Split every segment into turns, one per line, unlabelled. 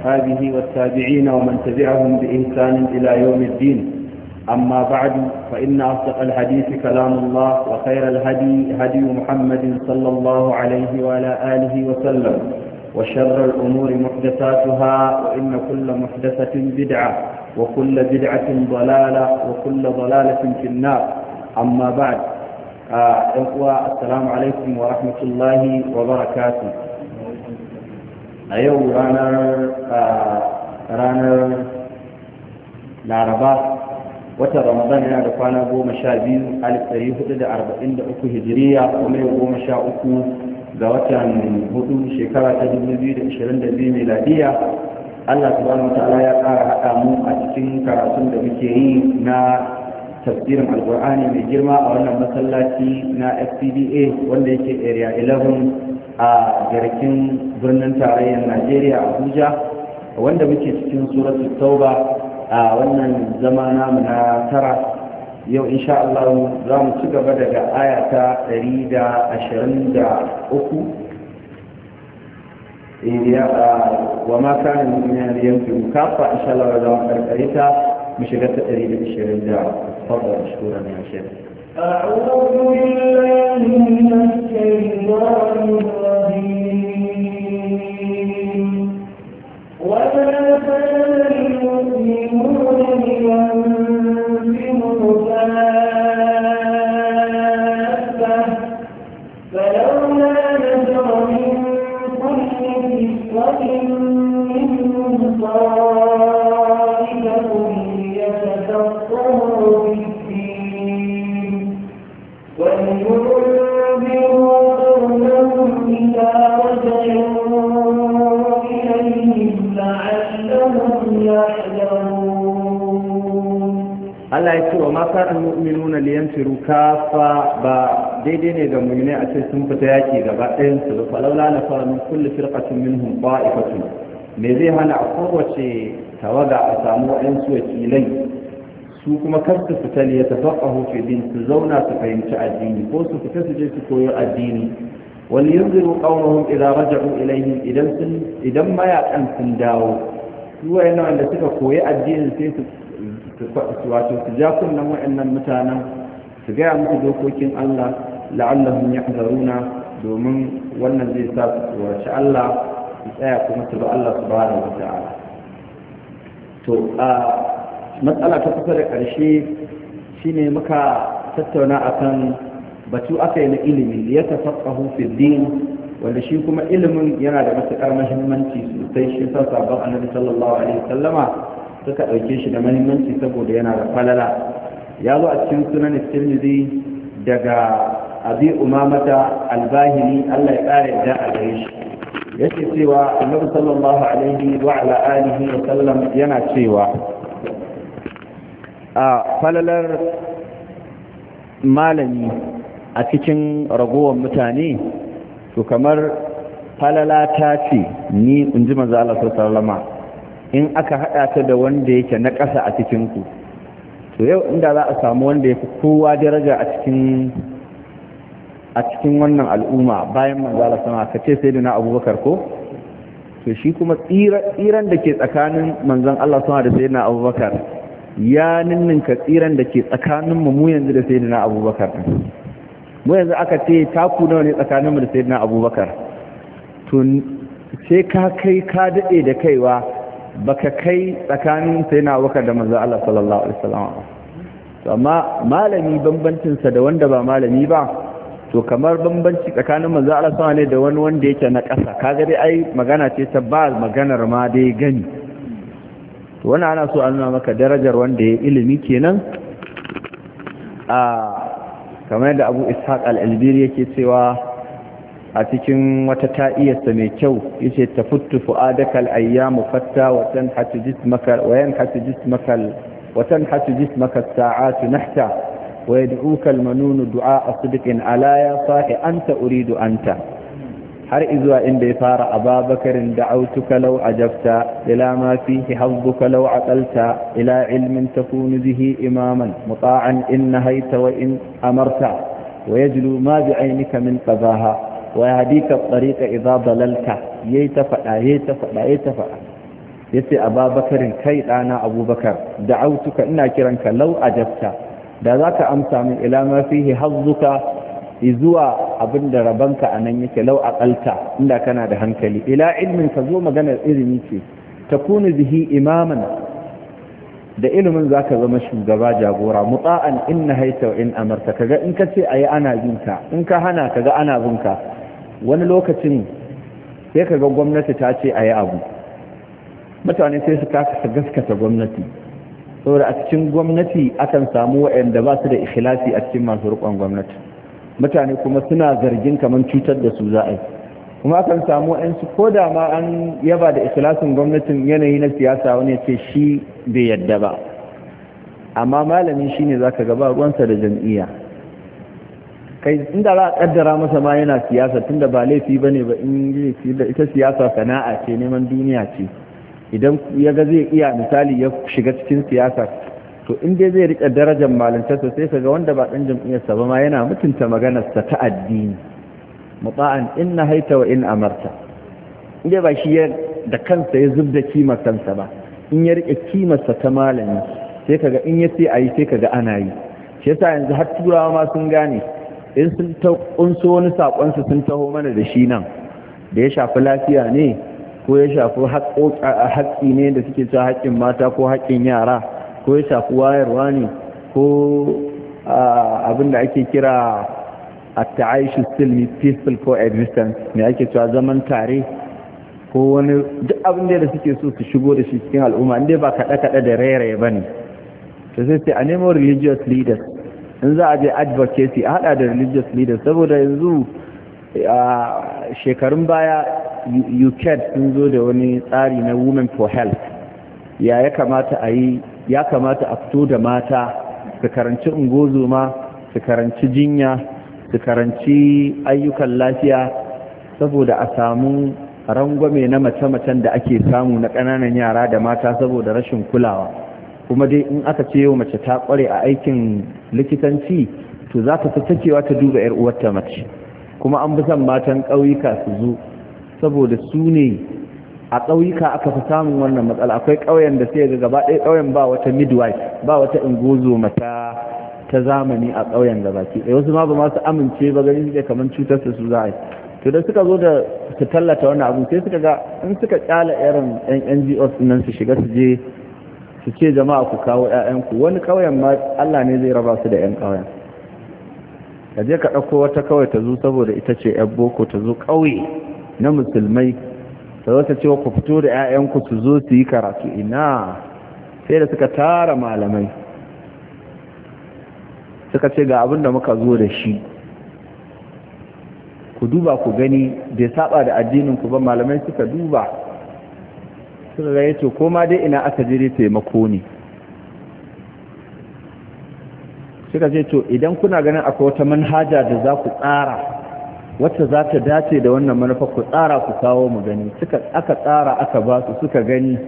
وأصحابه والتابعين ومن تبعهم بإنسان إلى يوم الدين أما بعد فإن أصدق الحديث كلام الله وخير الهدي هدي محمد صلى الله عليه وعلى آله وسلم وشر الأمور محدثاتها وإن كل محدثة بدعة وكل بدعة ضلالة وكل ضلالة في النار أما بعد آه، أخوة السلام عليكم ورحمة الله وبركاته a yau ranar ranar laraba watan ramadan yana da kwana goma sha biyu alif ɗari hudu da arba'in da uku hijiriya kuma yau goma sha uku ga watan hudu shekara ta dubu biyu da ashirin da biyu miladiya allah subhanahu wa ta'ala ya ƙara haɗa mu a cikin karatun da muke yi na tafsirin alkur'ani mai girma a wannan masallaci na FCBA wanda yake area 11 a garkin birnin tarayyar najeriya abuja wanda muke cikin suratu tauba a wannan zama namu na tara yau insha Allah za mu ci gaba daga aya ta 123 وما كان المؤمنين لينفروا كافة إن شاء الله لو أنت mu shiga ta 120 da fadar shukura ne a shirin أعوذ بالله من الشيطان الرجيم وما كان المؤمنون لينفروا كافة فلولا نفر من كل فرقة منهم طائفة kafa ba daidai ne ga mu'minai a ce sun fita yaki gaba ɗayan su ba falaula na fara min kulli firqatin minhum qa'ifatun me zai hana a kowace tawaga a samu waɗansu wakilai su kuma kar su fita ne ya tafaqahu fi din su zauna su fahimci addini ko su fita su je su koyo addini wal yunziru qawmahum idza raja'u ilayhim idan sun idan mayakan sun dawo su wayannan da suka koyi addinin sai su wato su ja kunnen wayannan mutanen su gaya musu dokokin Allah la'allahum yahzaruna domin wannan zai sa su tsoraci Allah su tsaya kuma su bi Allah subhanahu wa to a matsala ta kusa da ƙarshe shine muka tattauna akan batu aka yi na ilimi ya tafaqahu fi din wanda shi kuma ilimin yana da matuƙar mahimmanci sosai shi sa sabon annabi sallallahu alaihi wasallama suka ɗauke shi da mahimmanci saboda yana da falala ya zo a cikin sunan tirmidhi daga abi umamata albahili Allah ya kare da a gare shi yake cewa annabi sallallahu alaihi wa ala alihi wa sallam yana cewa a falalar malami a cikin ragowar mutane to kamar falala ta ce ni in ji manzo Allah sallallahu alaihi in aka hada ta da wanda yake na ƙasa a cikin ku to yau inda za a samu wanda ya fi kowa daraja a cikin a cikin wannan al'umma bayan manzala sama ka ce sai na abubakar ko to shi kuma tsiran da ke tsakanin manzan Allah sama da sai na abubakar ya ninninka tsiran da ke tsakanin mu yanzu da sai na abubakar mu yanzu aka ce taku nawa ne tsakanin mu da sai na abubakar to sai ka kai ka daɗe da kaiwa baka kai tsakanin sai na abubakar da manzan Allah sallallahu alaihi wasallam amma malami bambancinsa da wanda ba malami ba to kamar bambanci tsakanin manzo Allah sama ne da wani wanda yake na ƙasa kaga dai ai magana ce ta ba maganar ma dai gani to wannan ana so a nuna maka darajar wanda ya ilimi kenan a kamar da Abu Ishaq al-Albiri yake cewa a cikin wata ta'iyarsa mai kyau yace tafuttu fu'adakal ayyamu fatta wa tanhatu jismaka wa yanhatu jismaka وتنحت جسمك الساعات نحتا ويدعوك المنون دعاء صدق على يا صاحي أنت أريد أنت هر إذوا إن بيفار أبا بكر دعوتك لو عجبت إلى ما فيه حظك لو عقلت إلى علم تكون به إماما مطاعا إن نهيت وإن أمرت ويجلو ما بعينك من قذاها ويهديك الطريق إذا ضللت يتفأ يتفأ يتفأ, يتفأ ya ce ababakarin kai ɗana abubakar da autuka ina kiranka lau ajabta da za ka amsa min ilama fihi hazzuka zuwa abin da rabanka a nan yake lau aƙalta inda kana da hankali ila ilmin ka zo maganar ilimi ce ta kuni bihi imaman da ilimin za ka zama shugaba jagora mutsa'an in na haita wa in amarta kaga in ka ce a yi ana binka in ka hana kaga ana binka wani lokacin sai kaga gwamnati ta ce a yi abu mutane sai su kasa gaskata gwamnati saboda a cikin gwamnati akan samu waɗanda ba su da ikhlasi a cikin masu rikon gwamnati mutane kuma suna zargin kamar cutar da su za kuma akan samu su ko da ma an yaba da ikhlasin gwamnatin yanayi na siyasa wani ce shi bai yadda ba amma malamin shi ne za ka gaba ruwansa da jam'iyya kai inda za a kaddara masa ma yana siyasa tunda ba laifi ba ne ba in ita siyasa sana'a ce neman duniya ce idan ya ga zai iya misali ya shiga cikin siyasa to in dai zai rika darajar to sai kaga wanda ba ɗan jam'iyyarsa ba ma yana mutunta maganarsa ta addini mutaan inna na haita wa in amarta in dai ba shi ya da kansa ya zub da kansa ba in ya rike kimarsa ta malami sai kaga in ya sai ayi sai kaga ana yi shi yasa yanzu har turawa ma sun gane in sun ta kunso wani su sun taho mana da shi nan da ya shafi lafiya ne ko ya shafi haƙƙi ne da suke cewa haƙƙin mata ko haƙƙin yara ko ya shafi wayarwa ne ko abin da ake kira a ta'aishu silmi peaceful existence ne ake cewa zaman tare ko wani duk abin da suke so su shigo da shi cikin al'umma inda ba kaɗe-kaɗe da rairaye ba ne to sai sai a nemo religious leaders in za a je advocacy a haɗa da religious leaders saboda yanzu a shekarun baya uk sun zo da wani tsari na Women for Health ya ya kamata a yi ya kamata a fito da mata su karanci ungozoma su karanci jinya su karanci ayyukan lafiya saboda a samu rangwame na mace-macen da ake samu na ƙananan yara da mata saboda rashin kulawa kuma dai in aka ce yau mace ta ƙware a aikin likitanci to za ta fi takewa ta duba 'yar uwarta mace kuma an bi son matan ƙauyuka su zo saboda su ne a ƙauyuka aka fi samun wannan matsala akwai ƙauyen da sai ga gaba ɗaya ƙauyen ba wata midwife ba wata ingozo mata ta zamani a ƙauyen da baki ɗaya wasu ma ba su amince ba ganin suke kamar cutar su za a yi to da suka zo da su tallata wannan abu sai suka ga in suka kyala irin yan ngos nan su shiga su je su ce jama'a ku kawo 'ya'yanku wani ƙauyen ma allah ne zai raba su da 'yan ƙauyen ka je ka ɗauko wata kawai ta zo saboda ita ce 'yan boko ta zo ƙauye na musulmai ta zo cewa ku fito da 'ya'yanku su zo su yi karatu ina sai da suka tara malamai suka ce ga abin da muka zo da shi ku duba ku gani bai saba da addinin ku ba malamai suka duba suka ga yato eh koma dai ina aka jire taimako ne suka ce to idan kuna ganin akwai wata manhaja da za ku tsara wacce za ta dace da wannan manufa ku tsara ku kawo mu gani suka aka tsara aka ba su suka gani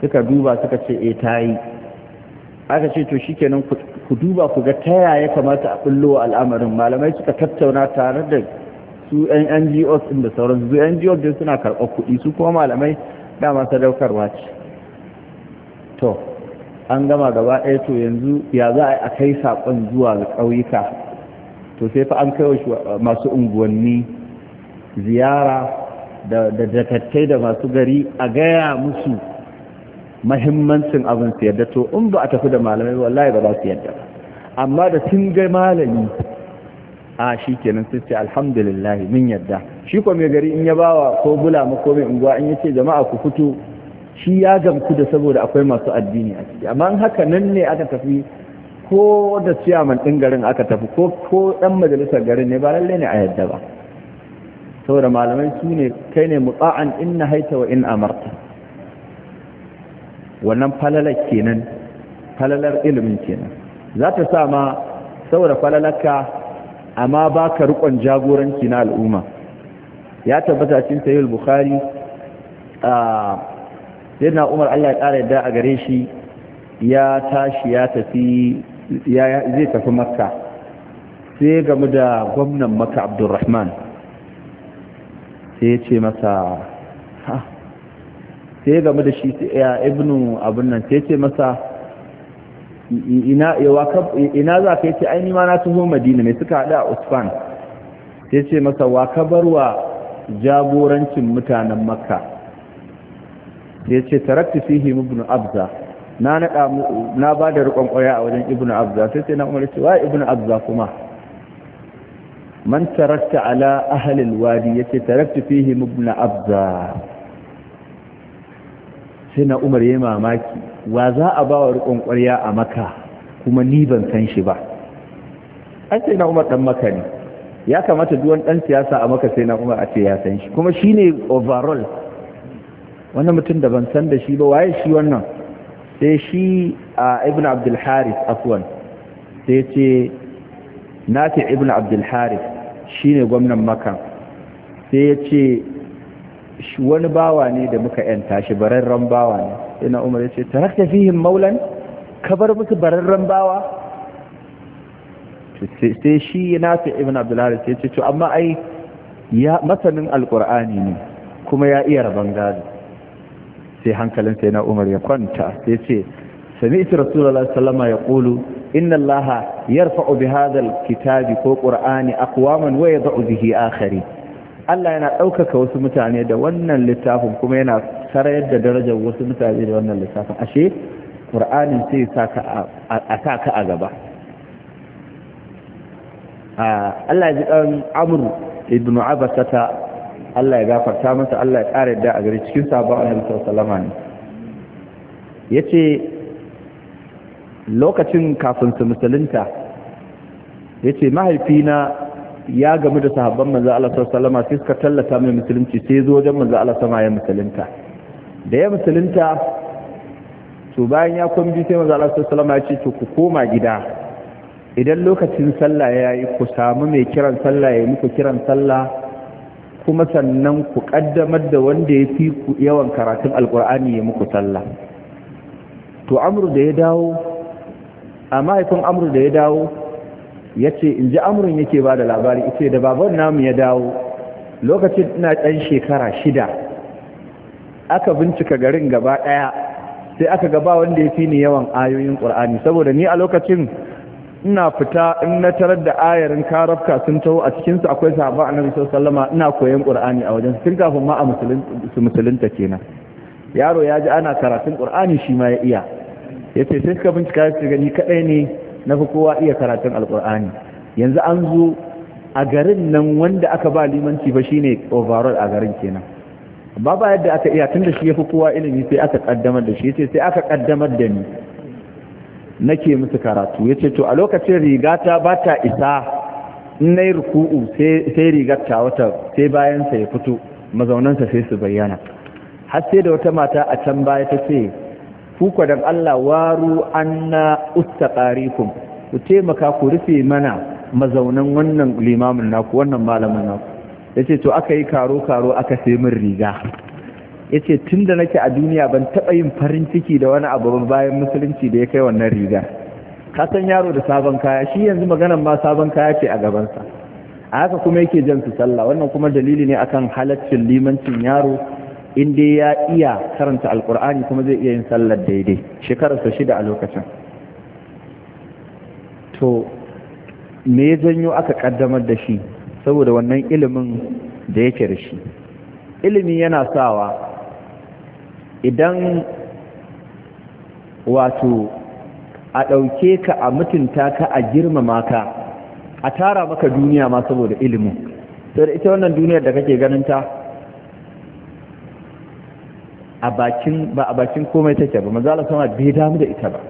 suka duba suka ce eh ta yi aka ce to shikenan ku duba ku ga ta ya kamata a bullo al'amarin malamai suka tattauna tare da su yan NGO din da sauran su NGO din suna karɓar kuɗi su kuma malamai dama sadaukarwa ce to an gama gaba ɗaya to yanzu ya za a kai sakon zuwa ga ƙauyuka to sai fa an kai wa masu unguwanni ziyara da jakattai da masu gari a gaya musu mahimmancin abin su yadda to in ba a tafi da malamai wallahi ba za su yadda ba amma da sun ga malami a shi kenan sun ce alhamdulillah min yadda shi ko mai gari in ya bawa ko bula ko mai unguwa in ya ce jama'a ku fito shi ya gamsu da saboda akwai masu addini a ciki amma in haka nan ne aka tafi ko da ciyaman ɗin garin aka tafi ko ko ɗan majalisar garin ne ba lalle ne a yadda ba saboda malamai su ne kai ne mutsa'an in na haita wa in amarta wannan falalar kenan falalar ilimin kenan za ta sa ma saboda falalarka amma ba ka riƙon jagoranci na al'umma ya tabbata cikin sahih bukhari a na umar Allah ya ƙara yadda a gare shi ya tashi ya tafi zai tafi makka sai game da gwamnan makka abdurrahman sai ce masa ha sai game da shi ya ibnu abin nan sai ce masa ina za ka yi ce aini ma na tuho madina mai suka haɗa a usman sai ce masa wa kabarwa jagorancin mutanen makka sai ce tarakta fihi ibn abza na nada na ba da riƙon kwaya a wajen ibnu abza sai sai na umar ce wa ibnu abza kuma man tarakta ala wadi ya ce tarakta fihim ibnu abza sai na umar yi mamaki wa za a ba wa riƙon kwaya a maka kuma ni ban san shi ba an sai na umar dan maka ne ya kamata duwan dan siyasa a maka sai na umar a ce ya san shi kuma shine overall wannan mutum da ban san da shi ba waye shi wannan sai shi a ibn abdulharis afwan sai ce nafi ibn abdulharis shi ne gwamnan makan sai ya ce wani bawa ne da muka yanta shi bararren bawa ne sai na umar ya ce tarakta fihin maulan ka bar musu bararren bawa sai shi nafi ibn abdulharis sai ce to amma ai ya masanin alkur'ani ne kuma ya iya rabon gado sai hankalin sai na umar ya kwanta sai ce sami'tu rasulullahi sallama ya kulu inna allaha yarfa'u bi hadal kitabi ko qur'ani aqwaman wa yad'u bihi akhari Allah yana ɗaukaka wasu mutane da wannan littafin kuma yana sarayar da darajar wasu mutane da wannan littafin ashe ƙura'ani sai a sa ka a gaba ah, Allah ya ji ɗan amur ibn abasata Allah ya gafarta masa Allah ya ƙara yadda a gari cikin sabon annabi sallallahu alaihi ne yace lokacin kafin su musulunta yace mahaifina ya gamu da sahabban manzo Allah sallallahu alaihi sai suka tallata mai musulunci sai zo wajen manzo Allah sama ya musulunta da ya musulunta to bayan ya kwambi sai manzo Allah sallallahu alaihi ya ce to ku koma gida idan lokacin sallah ya yi ku samu mai kiran sallah ya yi muku kiran sallah kuma sannan ku ƙaddamar da wanda ya fi yawan karatun alkur'ani ya muku sallah to amru da ya dawo a mahaifin amru da ya dawo ya ce in ji amurin yake ba da labari ita da baban namu ya dawo lokacin ina ɗan shekara shida aka bincika garin gaba ɗaya sai aka gaba wanda ya fi ni yawan ayoyin ƙur'ani saboda ni a lokacin ina fita in na tarar da ayarin karafka sun taho a cikin su akwai sahaba annabi sallama ina koyon qur'ani a wajen tun kafin ma a musulunta kenan yaro ya ji ana karatun qur'ani shi ma ya iya ya sai suka bincika su gani kadai ne na fi kowa iya karatun alqur'ani yanzu an zo a garin nan wanda aka ba limanci ba shine overall a garin kenan ba yadda aka iya tunda shi ya fi kowa ilimi sai aka kaddamar da shi ya sai aka kaddamar da ni nake musu karatu yace to a lokacin rigata ba ta isa in nayi ruku'u sai rigar ta wata sai bayan ya fito mazaunansa sai su bayyana har sai da wata mata a can baya ta ce kuka dan Allah waru anna ustaqarikum ku taimaka ku rufe mana mazaunan wannan limamin naku wannan malamin naku yace to aka yi karo karo aka sai min riga yace da nake a duniya ban taɓa yin farin ciki da wani abu bayan musulunci da ya kai wannan riga ka san yaro da sabon kaya shi yanzu maganan ma sabon kaya ce a gabansa a haka kuma yake jan su sallah wannan kuma dalili ne akan halaccin limancin yaro in dai ya iya karanta alkur'ani kuma zai iya yin sallar daidai Shekarar shekararsa shida a lokacin to me ya janyo aka kaddamar da shi saboda wannan ilimin da yake da shi ilimi yana sawa idan wato a ɗauke ka a mutunta ka a girmama ka a tara maka duniya ma saboda ilimin sai da ita wannan duniyar da kake ganin ta a bakin ba a bakin komai take ba maza Allah sama bai damu da ita ba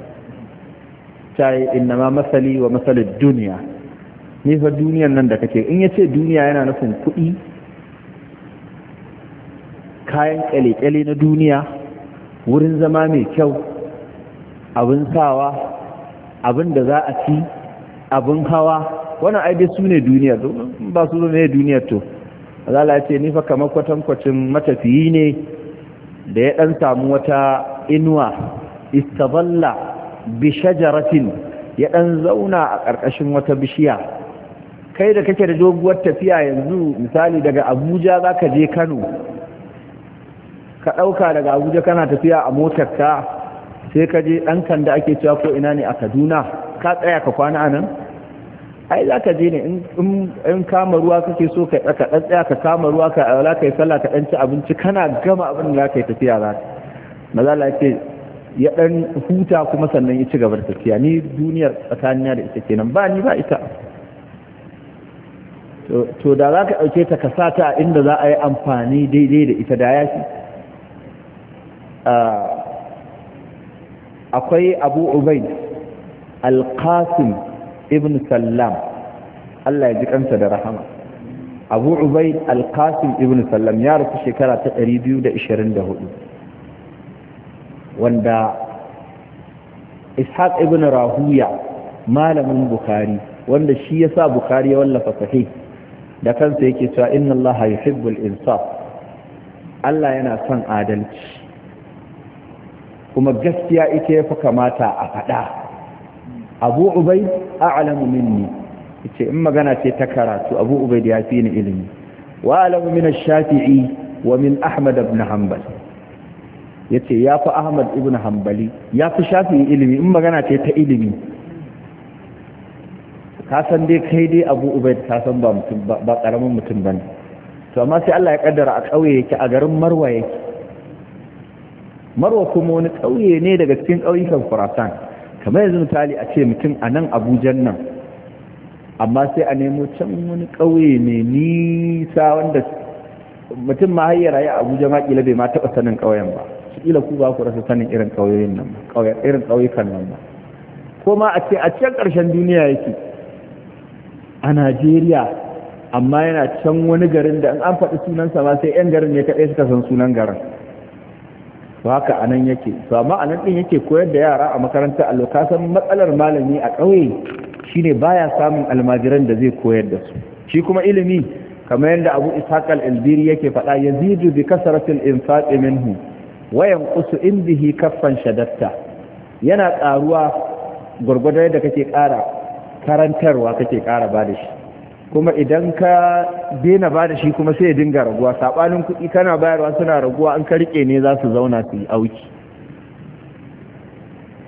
tai inna ma masali wa masalid duniya ni fa duniyar nan da kake in yace duniya yana nufin kuɗi kayan kyale-kyale na duniya wurin zama mai kyau abin sawa abin da za a ci abin hawa wannan ai su ne duniya ba su ne duniya to azala ce ni fa kamar kwatankwacin matafiyi ne da ya dan samu wata inuwa istaballa bi shajaratin ya dan zauna a ƙarƙashin wata bishiya kai da kake da doguwar tafiya yanzu misali daga Abuja zaka je Kano ka ɗauka daga abuja kana tafiya a motar ka sai ka je ɗan da ake cewa ko ina ne a kaduna ka tsaya ka kwana a nan ai za ka je ne in kama ruwa kake so ka ɗaka ɗan tsaya ka kama ruwa ka wala ka yi sallah ka ɗan ci abinci kana gama abin da za ka yi tafiya za ka mazala ce ya ɗan huta kuma sannan ya ci gaba da tafiya ni duniyar tsakanina da ita kenan ba ni ba ita to da za ka ɗauke ta ka sata inda za a yi amfani daidai da ita da ya shi. akwai abu ubaid alqasim ibn sallam Allah ya ji kansa da rahama abu ubaid alqasim ibn sallam ya rasu shekara ta 224 wanda ishaq ibn rahuya malamin bukhari wanda shi yasa bukhari ya wallafa sahi, da kansa yake cewa inna allaha yuhibbul insaf Allah yana son adalci kuma gaskiya ita ya fi kamata a faɗa abu ubai alamu minni ce in magana ce ta karatu abu ubai ya fi ni ilimi wa alamu min shafi'i wa min ahmad ibn hanbal ya ce ya fi ahmad ibn hanbali ya fi shafi'i ilimi in magana ce ta ilimi ka san dai kai dai abu ubai ka san ba mutum ba bane to amma sai allah ya kaddara a kauye yake a garin marwa yake marwa kuma wani ƙauye ne daga cikin ƙauyukan khurasan kamar yanzu misali a ce mutum a nan abujan nan amma sai a nemo can wani ƙauye ne nisa wanda mutum ma hayyara ya abuja ma kila bai ma taɓa sanin ƙauyen ba kila ku ba ku rasa sanin irin ƙauyoyin nan ba irin ƙauyukan nan ba ko ma a ce a can ƙarshen duniya yake a najeriya amma yana can wani garin da an faɗi sunansa ma sai 'yan garin ne kaɗai suka san sunan garin to a nan yake to amma nan din yake koyar da yara a makaranta a lokacin matsalar malami a ƙauye shine baya samun almajiran da zai koyar da su shi kuma ilimi kamar yadda Abu Ishaq al-Albiri yake faɗa yazidu bi kasratil infaq minhu wa yanqusu in bihi kaffan shadatta yana ƙaruwa gurgurdar da kake ƙara karantarwa kake ƙara ba da shi kuma idan ka daina ba da shi kuma sai ya dinga raguwa saɓanin kuɗi kana bayarwa suna raguwa an ka riƙe ne za su zauna su yi auki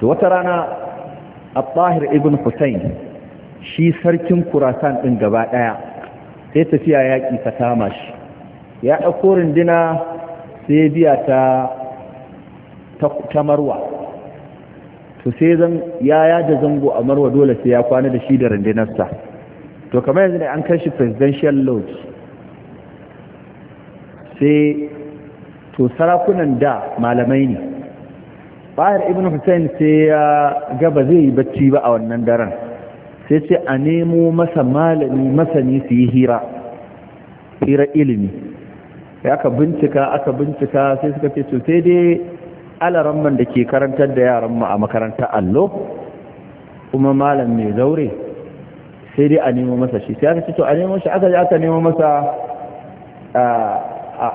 to wata rana al-tahir ibn hussein shi sarkin kurasan ɗin gaba ɗaya sai tafiya yaƙi ta kama shi ya ɗauko rundina sai biya ta ta marwa to sai ya yada zango a marwa dole sai ya kwana da shi da rundunarsa to kamar yanzu ne an kai shi presidential lodge sai to sarakunan da malamai ne Bayar ibn hussein sai ya gaba zai yi bacci ba a wannan daren sai sai a nemo masa malami masani su yi hira hira ilimi sai aka bincika aka bincika sai suka ce to sai dai alaramman da ke karantar da yaran mu a makarantar allo kuma malam mai zaure sai dai a nemo masa shi sai aka ce to a nemo shi aka je aka nemo masa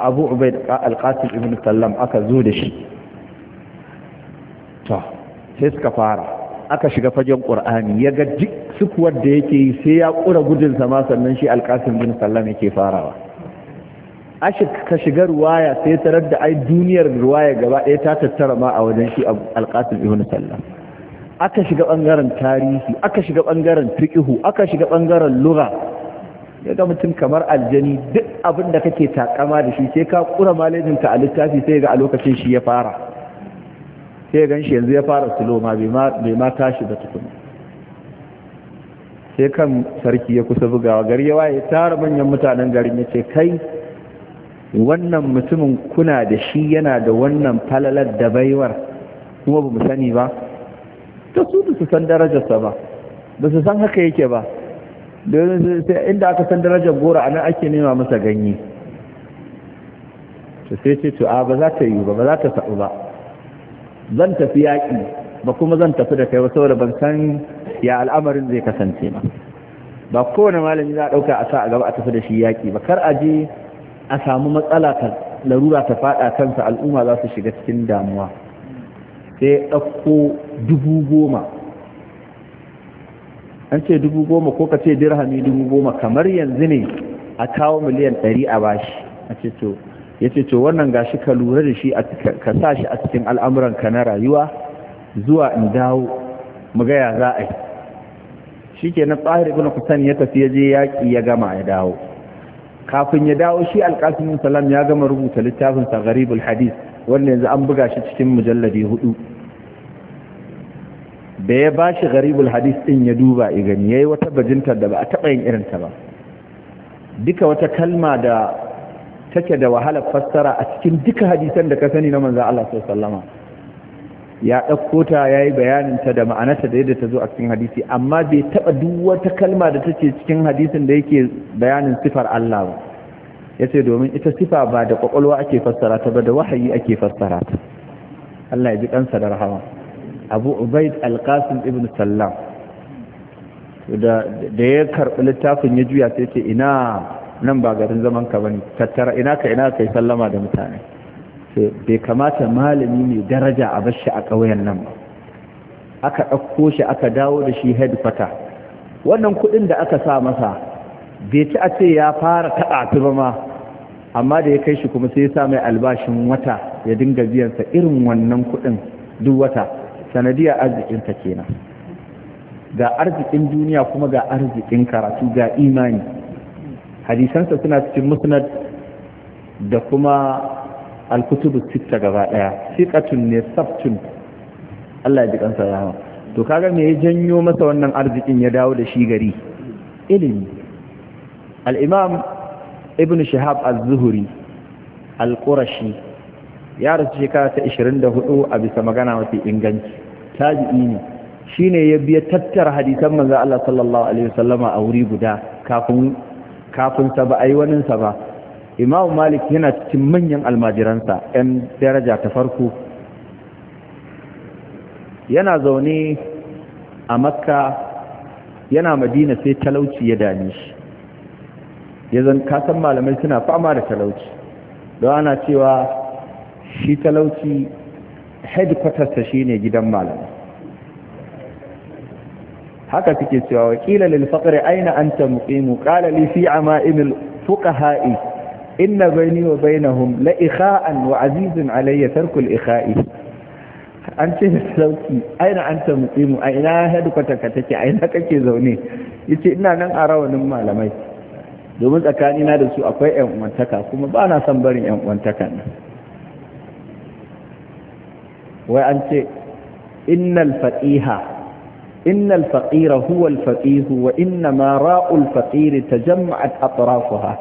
abu ubaid alqasim ibn sallam aka zo da shi to sai suka fara aka shiga fagen qur'ani ya ga duk sukuwar da yake yi sai ya kura gudun sama sannan shi alqasim ibn sallam yake farawa ka shiga ruwaya sai tarar da ai duniyar ruwaya gaba ɗaya ta tattara ma a wajen shi alqasim ibn sallam aka shiga ɓangaren tarihi aka shiga ɓangaren fiƙihu aka shiga ɓangaren lura ya ga mutum kamar aljani duk abin da kake takama da shi sai ka ƙura malejinta a littafi sai ga a lokacin shi ya fara sai gan shi yanzu ya fara sulo ma bai ma tashi da tukuna sai kan sarki ya kusa bugawa gari ya waye tara manyan mutanen garin ya ce kai wannan mutumin kuna da shi yana da wannan falalar da baiwar kuma ba mu sani ba ta su ba su san darajarsa ba ba su san haka yake ba sai inda aka san darajar gora a nan ake nema masa ganye to sai ce to a ba za ta yi ba ba za ta sa'u ba zan tafi yaƙi ba kuma zan tafi da kai ba saboda ban san ya al'amarin zai kasance ba ba kowane malami za a ɗauka a sa a gaba a tafi da shi yaƙi ba kar a je a samu matsala ta larura ta faɗa kansa al'umma za su shiga cikin damuwa sai ya ɗauko dubu goma an ce dubu goma ko ka ce dirhami dubu goma kamar yanzu ne a kawo miliyan ɗari a bashi a ce to ya ce to wannan gashi ka lura da shi ka sa shi a cikin al'amuranka na rayuwa zuwa in dawo mu gaya za a yi shi ke na tsari ibn kusan ya tafi ya je yaƙi ya gama ya dawo kafin ya dawo shi alƙasimin salam ya gama rubuta littafinsa gharibul hadith wanda yanzu an buga shi cikin mujalladi hudu da ya ba shi garibul hadis din ya duba ya gani ya yi wata bajintar da ba a taɓa yin irinta ba duka wata kalma da take da wahalar fassara a cikin duka hadisan da ka sani na manzan Allah sallama ya ɗauko ta ya yi bayaninta da ma'anarta da yadda ta zo a cikin hadisi amma bai taɓa duk wata kalma da take cikin hadisin da yake bayanin sifar Allah ba Ya ce domin ita sifa ba da kwakwalwa ake fassara ta ba da wahayi ake fassara ta Allah ya ji kansa da rahama Abu Ubaid Al-Qasim ibn Sallam da ya karbi littafin ya juya sai ce ina nan ba garin zaman ka bane tattara ina ka ina kai sallama da mutane Sai bai kamata malami mai daraja a bashi a ƙauyen nan ba aka ɗauko shi aka dawo da shi headquarter wannan kuɗin da aka sa masa bai ci a ce ya fara taɓa ba ma amma da ya kai shi kuma sai ya sa mai albashin wata ya dinga biyansa irin wannan kuɗin duk wata sanadiyar arzikinta kenan ga arzikin duniya kuma ga arzikin karatu ga imani hadisansa suna cikin musnad da kuma alkutubu sitta gaba ɗaya siqatun ne sabtun Allah ya ji kansa rahama to kaga me ya janyo masa wannan arzikin ya dawo da shi gari ilimi al-imam ibn Shihab az-zuhri al-qurashi ya rasu shekara ta 24 a bisa magana mafi inganci tabi'i ne shine ya biya tattara hadisan manzo Allah sallallahu alaihi wasallama a wuri guda kafin kafin sa ba ai wanin sa ba Imam Malik yana cikin manyan almajiransa ɗan daraja ta farko yana zaune a Makka yana Madina sai talauci ya dame shi ya zan kasan malamai suna fama da talauci don ana cewa shi talauci headquartersa shi ne gidan malamai haka suke cewa wakila lil faqri aina anta muqimu qala li fi ama'imil fuqaha'i inna bayni wa bainahum la ikha'an wa azizin alayya tarkul ikha'i an ce da talauci aina an anta muqimu aina headquarter ka take aina kake zaune yace ina nan a rawanin malamai domin tsakanina da su akwai yan uwantaka kuma ba na son barin yan uwantakan nan wai an ce innal faqiha innal faqira huwa al wa inna ma ra'ul al ta tajamma'at atrafuha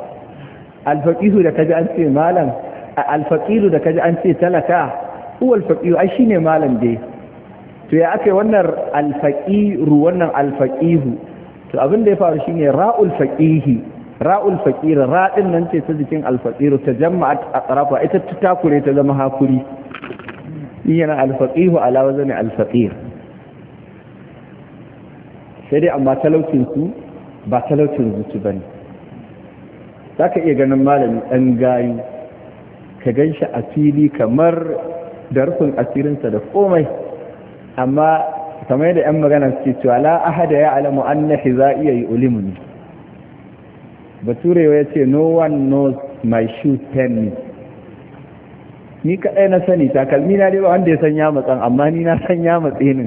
al faqihu da kaji an ce malam al faqiru da kaji an ce talaka huwa al ai shine malam dai to ya aka wannan al wannan al to abin da ya faru shine ra'ul faqihi ra'ul faƙira ra'in nan ce ta jikin alfaqir ta jama'at a tsarafa ita ta takure ta zama hakuri yana alfaƙihu ala zane alfaqir sai dai amma su ba talaucin zuci bane zaka iya ganin malami ɗan gayu ka ganshi asiri a fili kamar da rufin asirinsa da komai amma kamar da 'yan magana suke cewa la ahada ya alamu an na iya yi baturewa ya ce no one knows my shoe me ni kaɗai na sani takalmi na dai ba wanda ya san ya matsan amma ni na san ya matse ni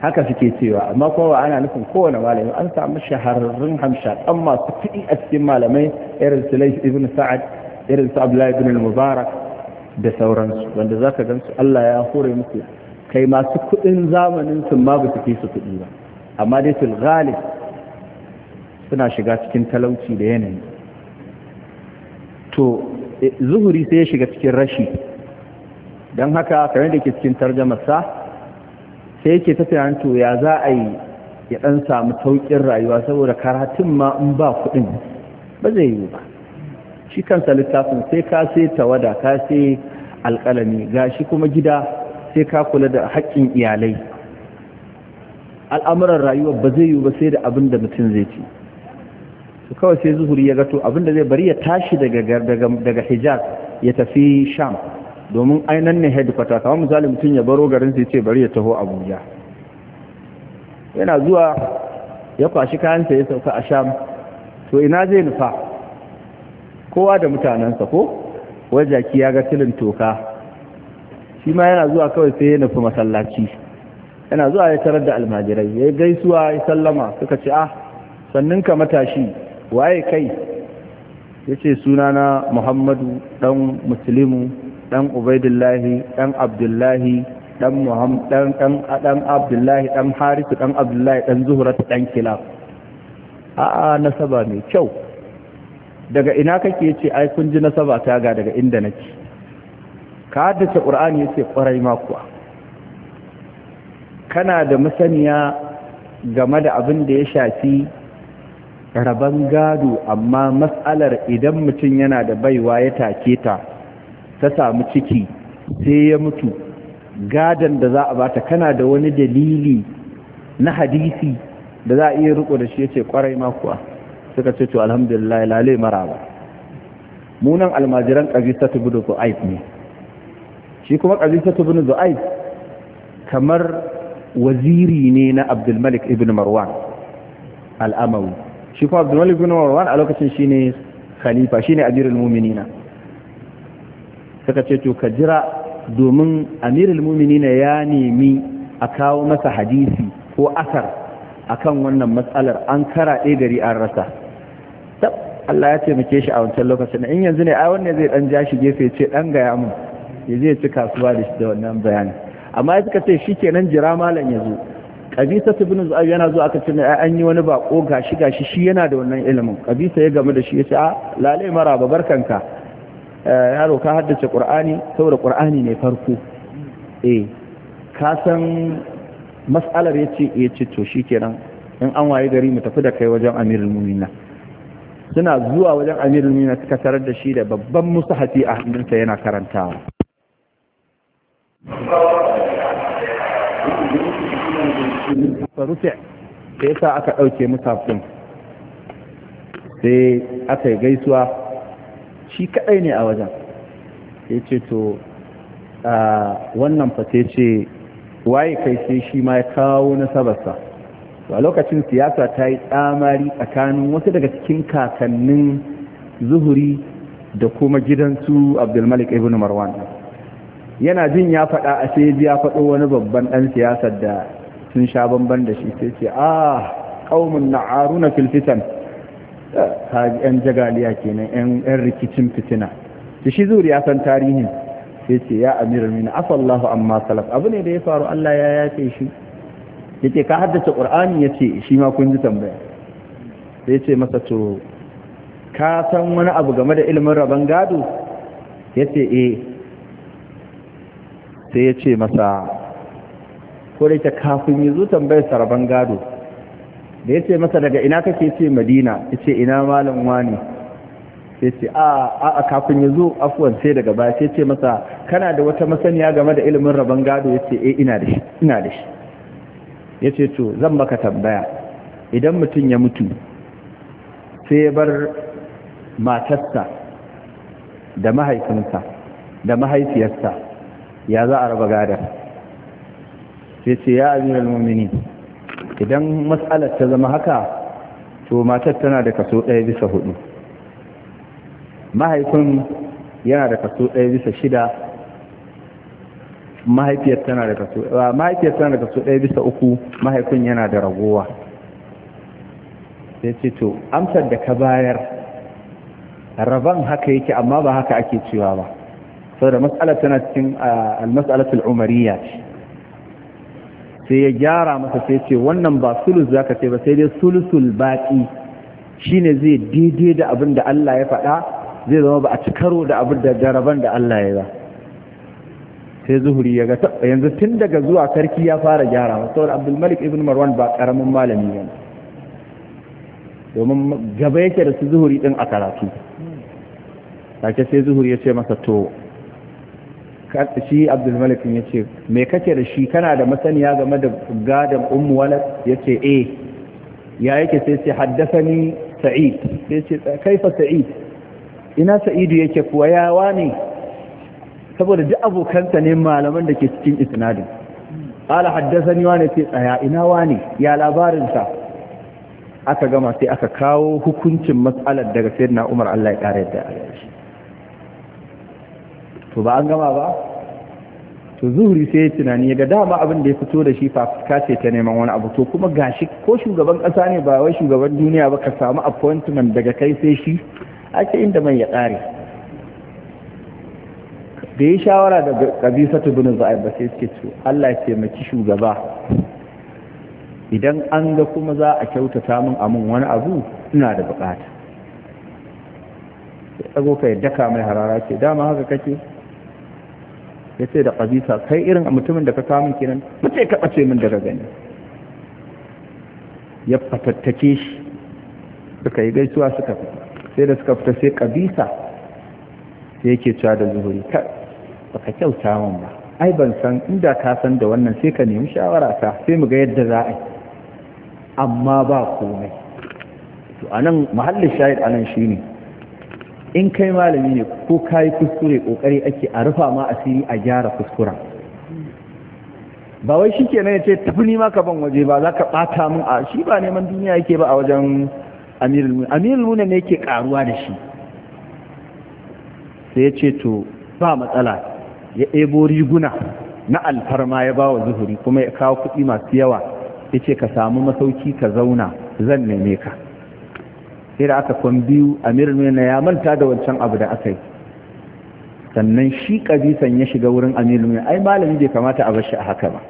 haka suke cewa amma kowa ana nufin kowane malami an samu shahararrun hamsha ɗan masu kuɗi a cikin malamai irin su laif ibn sa'ad irin su ibn mubarak da sauransu wanda zaka gan su Allah ya hore musu kai masu kuɗin zamanin sun ma ba su fi su kuɗi ba amma dai sun ghalib suna shiga cikin talauci da yanayi to eh, zuhuri sai ya shiga cikin rashi don haka kamar da ke cikin tarjamarsa sai yake ta to ya za a yi ya ɗan samu taukin rayuwa saboda karatun ma in ba kuɗin ba zai yi ba shi kansa littafin sai ka sai tawada ka sai alƙalami ga shi kuma gida sai ka kula da haƙƙin iyalai al'amuran rayuwa ba zai yi ba sai da abin da mutum zai ci su kawai sai zuhuri ya gato abinda zai bari ya tashi daga hijab ya tafi sham domin ainihin ne headquarter kawai misali mutum ya baro garin sai ce bari ya taho abuja yana zuwa ya kwashi kayansa ya sauka a sham to ina zai nufa kowa da mutanensa ko wajaki ya ga tilin toka shi ma yana zuwa kawai sai ya nufi masallaci yana zuwa ya tarar da almajirai ya gaisuwa ya sallama suka ce ah sanninka matashi waye kai ya ce na muhammadu ɗan musulmi ɗan ubaidullahi ɗan abdullahi ɗan ɗan abdullahi ɗan harisu ɗan abdullahi ɗan zuhuratu ɗan kilab a'a nasaba mai kyau daga ina kake ce ai kun ji nasaba ta ga daga inda nake ka haddace ƙur'ani ya ce ƙwarai makuwa kana da masaniya game da abin da ya shafi raban gado amma matsalar idan mutum yana da baiwa ya take ta ta samu ciki sai ya mutu gadon da za a bata kana da wani dalili na hadisi da za a iya riko da shi ya ce kwarai makuwa suka ce to alhamdulillah lalai mara ba munan almajiran ƙazista ta budu zo'aif ne shi kuma ƙazista ta budu zo'aif kamar waziri ne na abdulmalik ibn marwan al'amawi shi kuma malik bin marwan a lokacin shine khalifa shine amirul mu'minina suka ce to ka jira domin amirul mu'minina ya nemi a kawo masa hadisi ko asar akan wannan matsalar an kara ɗaya gari an rasa Allah ya taimake shi a wancan lokacin in yanzu ne ai wannan zai dan ja shi gefe ce dan gaya mun ya zai ci kasuwa da shi da wannan bayani amma ya suka ce shikenan jira malam ya zo kabisa ibn yana zuwa aka ce ne an yi wani bako gashi gashi shi yana da wannan ilimin kabisa ya gamu da shi yace a ah, lalai maraba barkanka eh, yaro ka haddace qur'ani saboda qur'ani ne farko E, ka san mas'alar yace yace to shikenan in an waye gari mu tafi da kai wajen amirul mu'minin suna zuwa wajen amirul mu'minin suka tarar da shi da babban musahafi a hannunsa yana karantawa farufe da yasa aka ɗauke musafin sai aka gaisuwa shi kaɗai ne a wajen ya ce to wannan fate ce waye kai sai shi ma ya kawo nasabarsa a lokacin siyasa ta yi tsamari tsakanin wasu daga cikin kakannin zuhuri da kuma gidansu abdulmalik ibn marwan yana jin ya faɗa a sai ya faɗo wani babban ɗan siyasar da sun sha bamban da shi sai ce a ah, qaumun na'aruna aruna filfitan ta yan jagaliya kenan yan yan rikicin fitina da shi zuri ya san tarihin sai ce ya amirul mu'minin asallahu amma salaf abu ne da ya faru Allah ya yace shi yace ka haddace ya ce, shi ma kun ji tambaya sai ce masa to ka san wani abu game da ilimin rabon gado ya ce e sai ya ce masa ko da ita kafin yazo tambayar saraban gado da ya ce masa daga ina kake ce Madina ce ina malin wani ya ce a a kafin yazo afuwan sai daga baya sai ce masa kana da wata masaniya game da ilimin raban gado yace eh ina da shi ina da to zan baka tambaya idan mutum ya mutu sai ya bar matarsa da mahaifinsa da mahaifiyarsa ya za a raba gadar sai ce ya amiral mu'minin idan matsalar ta zama haka to matar tana da kaso ɗaya bisa hudu mahaifin yana da kaso ɗaya bisa shida mahaifiyar tana da kaso ɗaya bisa uku mahaifin yana da ragowa sai ce to amsar da ka bayar rabon haka yake amma ba haka ake cewa ba sau da matsalar tana cikin almasalatul masalatul ce sai ya gyara masa sai ce wannan ba sulus za ka ce ba sai dai sulusul baƙi shine zai daidai da abin da Allah ya faɗa zai zama ba a ci karo da abin da jaraban da Allah ya ba sai zuhuri ya ga yanzu tun daga zuwa sarki ya fara gyara masa saboda abdul malik ibn marwan ba ƙaramin malami ne domin gaba yake da su zuhuri din a karatu sake sai zuhuri ya ce masa to shi malikin ya ce me kake da shi kana da masaniya game da gadon ummu walad ya ce eh ya yake sai sai haddasa ni sa'id sai ce kaifa sa'id ina sa'idu yake kuwa yawa ne saboda duk abokansa ne malaman da ke cikin isnadin ala ni wani sai tsaya ina wani? ya labarinsa aka gama sai aka kawo hukuncin matsalar daga sayyidina umar Allah ya kare da shi to ba an gama ba to zuhuri sai ya tunani ya ga dama abin da ya fito da shi fafuka ce ta neman wani abu to kuma gashi ko shugaban kasa ne ba wai shugaban duniya ba ka samu appointment daga kai sai shi ake inda mai ya ƙare da yi shawara da kabisa ta bin za'ai ba sai suke to Allah ya taimaki shugaba idan an ga kuma za a kyautata min amin wani abu ina da bukata ya tsago ka yadda daka mai harara ce dama haka kake ya ce da ƙabisa kai irin a mutumin da ka samun kinan mace ka ɓace min daga gani ya fatattake shi suka yi gaisuwa suka fita sai da suka fita sai ƙabisa sai yake cewa da zuhuri ka kyauta min ba ai ban san inda ka san da wannan sai ka nemi shawara ta sai mu ga yadda za a yi amma ba komai to anan mahallin shahid anan shine in kai malami ne ko kayi kuskure kokari ake a rufa ma asiri a gyara kuskura ba wai shi yace ce tafi ni ka ban waje ba za ka ɓata min a shi ba neman duniya yake ba a wajen amirul muna amirul muna ne yake karuwa da shi sai ya ce to ba matsala ya ebo riguna na alfarma ya ba wa zuhuri kuma ya kawo kuɗi masu yawa ya ce ka samu masauki ka zauna zan neme ka sai da aka kwan biyu amir nuna ya manta da wancan abu da aka yi sannan shi kabisan ya shiga wurin amir nuna ai malami bai kamata a bar shi a haka ba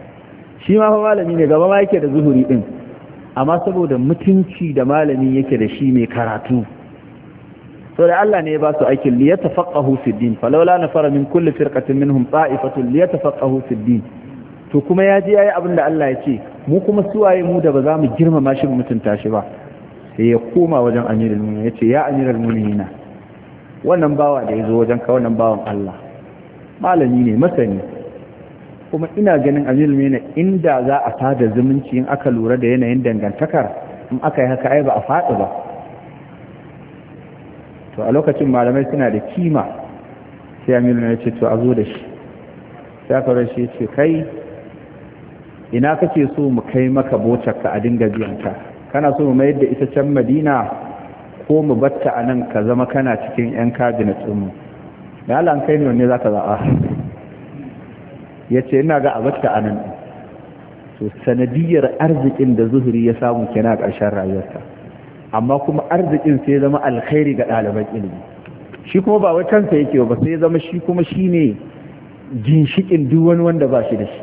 shi ma fa malami ne gaba ma yake da zuhuri din amma saboda mutunci da malami yake da shi mai karatu so da Allah ne ya ba su aikin li yatafaqahu fi din laula nafara min kulli firqatin minhum ta'ifatun li yatafaqahu din to kuma ya je yayi abin da Allah ya ce mu kuma suwaye mu da ba za mu girmama shi mutunta shi ba sai ya koma wajen amirul mu'minin yace ya mumini na wannan bawa da ya zo wajen ka wannan bawan Allah malami ne masani kuma ina ganin amirul mumini inda za a tada zumunci in aka lura da yanayin dangantakar in aka yi haka ai ba a faɗi ba to a lokacin malamai suna da kima sai mumini ya ce to a zo da shi sai aka rashi ce kai ina kake so mu kai maka ka a dinga biyan ka. kana so mu mayar da ita can madina ko mu batta anan ka zama kana cikin 'yan kabinet ɗinmu da ala an kai ne wanne za ka za'a? ya ce ina ga a batta a to sanadiyar arzikin da zuhuri ya samu kena a ƙarshen rayuwarsa amma kuma arzikin sai zama alkhairi ga ɗaliban ilimi shi kuma ba wai kansa yake ba sai zama shi kuma shine ginshikin duk wani wanda ba shi da shi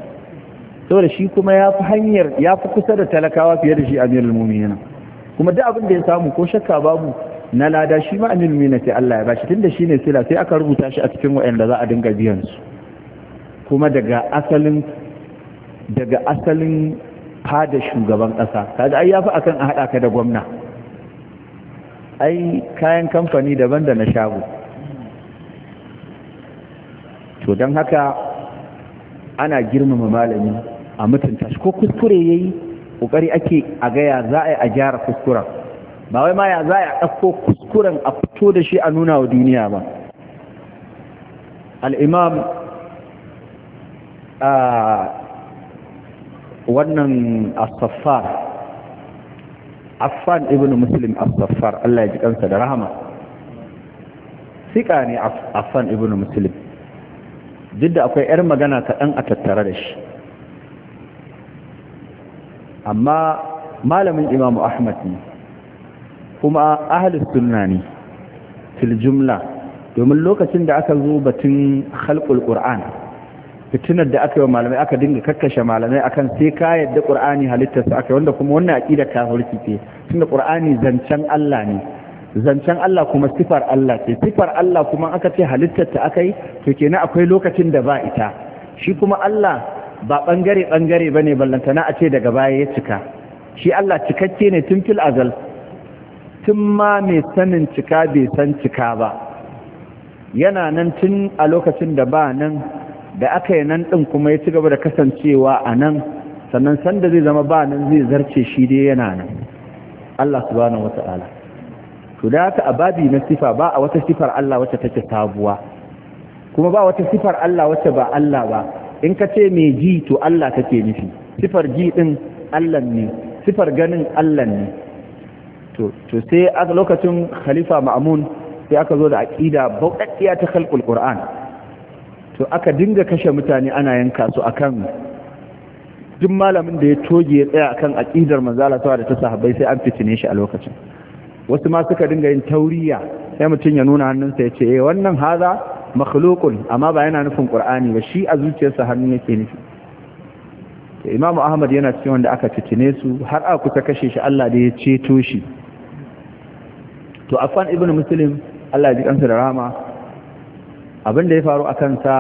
saboda shi kuma ya fi hanyar ya fi kusa da talakawa fiye da shi amirul mumina kuma duk abin da ya samu ko shakka babu na lada shi ma amirul mumina sai Allah ya bashi tunda shine sila sai aka rubuta shi a cikin wayanda za a dinga biyan su kuma daga asalin daga asalin fada shugaban kasa kaji ai yafi akan a haɗa ka da gwamna ai kayan kamfani daban da na shago to don haka ana girmama malami a mutunta shi ko kuskure ya yi ƙoƙari ake a gaya za a yi a gyara kuskuren ba wai ma ya za a ɗauko kuskuren a fito da shi a nuna wa duniya ba al'imam a wannan Asafar, affan ibn muslim Asafar, Allah ya ji kansa da rahama sika ne Afan ibn muslim duk da akwai 'yar magana kaɗan a tattara da shi amma malamin imamu ahmad ne kuma ahalus sunna ne fil jumla domin lokacin da aka zo batun halkul qur'an fitinar da aka yi wa malamai aka dinga kakkashe malamai akan sai ka yadda qur'ani halittarsa aka wanda kuma wannan aqida kafirci ce tunda qur'ani zancen Allah ne zancen Allah kuma sifar Allah ce sifar Allah kuma aka ce halittar ta aka yi to kenan akwai lokacin da ba ita shi kuma Allah ba ɓangare ɓangare ba ne ballantana a ce daga baya ya cika shi Allah cikakke ne tun fil azal tun ma mai sanin cika bai san cika ba yana nan tun a lokacin da ba nan da aka yi nan ɗin kuma ya ci gaba da kasancewa a nan sannan sanda zai zama ba nan zai zarce shi dai yana nan Allah subhanahu wata'ala to da haka a babi na sifa ba a wata sifar Allah wacce take sabuwa kuma ba wata sifar Allah wacce ba Allah ba in ka ce mai ji to Allah take nufi sifar ji din Allah ne sifar ganin Allah ne to sai a lokacin khalifa ma'mun sai aka zo da aqida bauɗaɗɗiya ta khalqul qur'an to aka dinga kashe mutane ana yanka su akan duk malamin da ya toge ya tsaya akan aqidar manzala da ta sahabbai sai an fitine shi a lokacin wasu ma suka dinga yin tauriya sai mutum ya nuna hannunsa ya ce eh wannan haza makhlukun amma ba yana nufin qur'ani ba shi a zuciyarsa hannu yake nufi Imam Ahmad yana cikin wanda aka fitine su har aka kuka kashe shi Allah da ya ceto shi to Afan ibnu Muslim Allah ya ji kansa da rahama abinda ya faru a kansa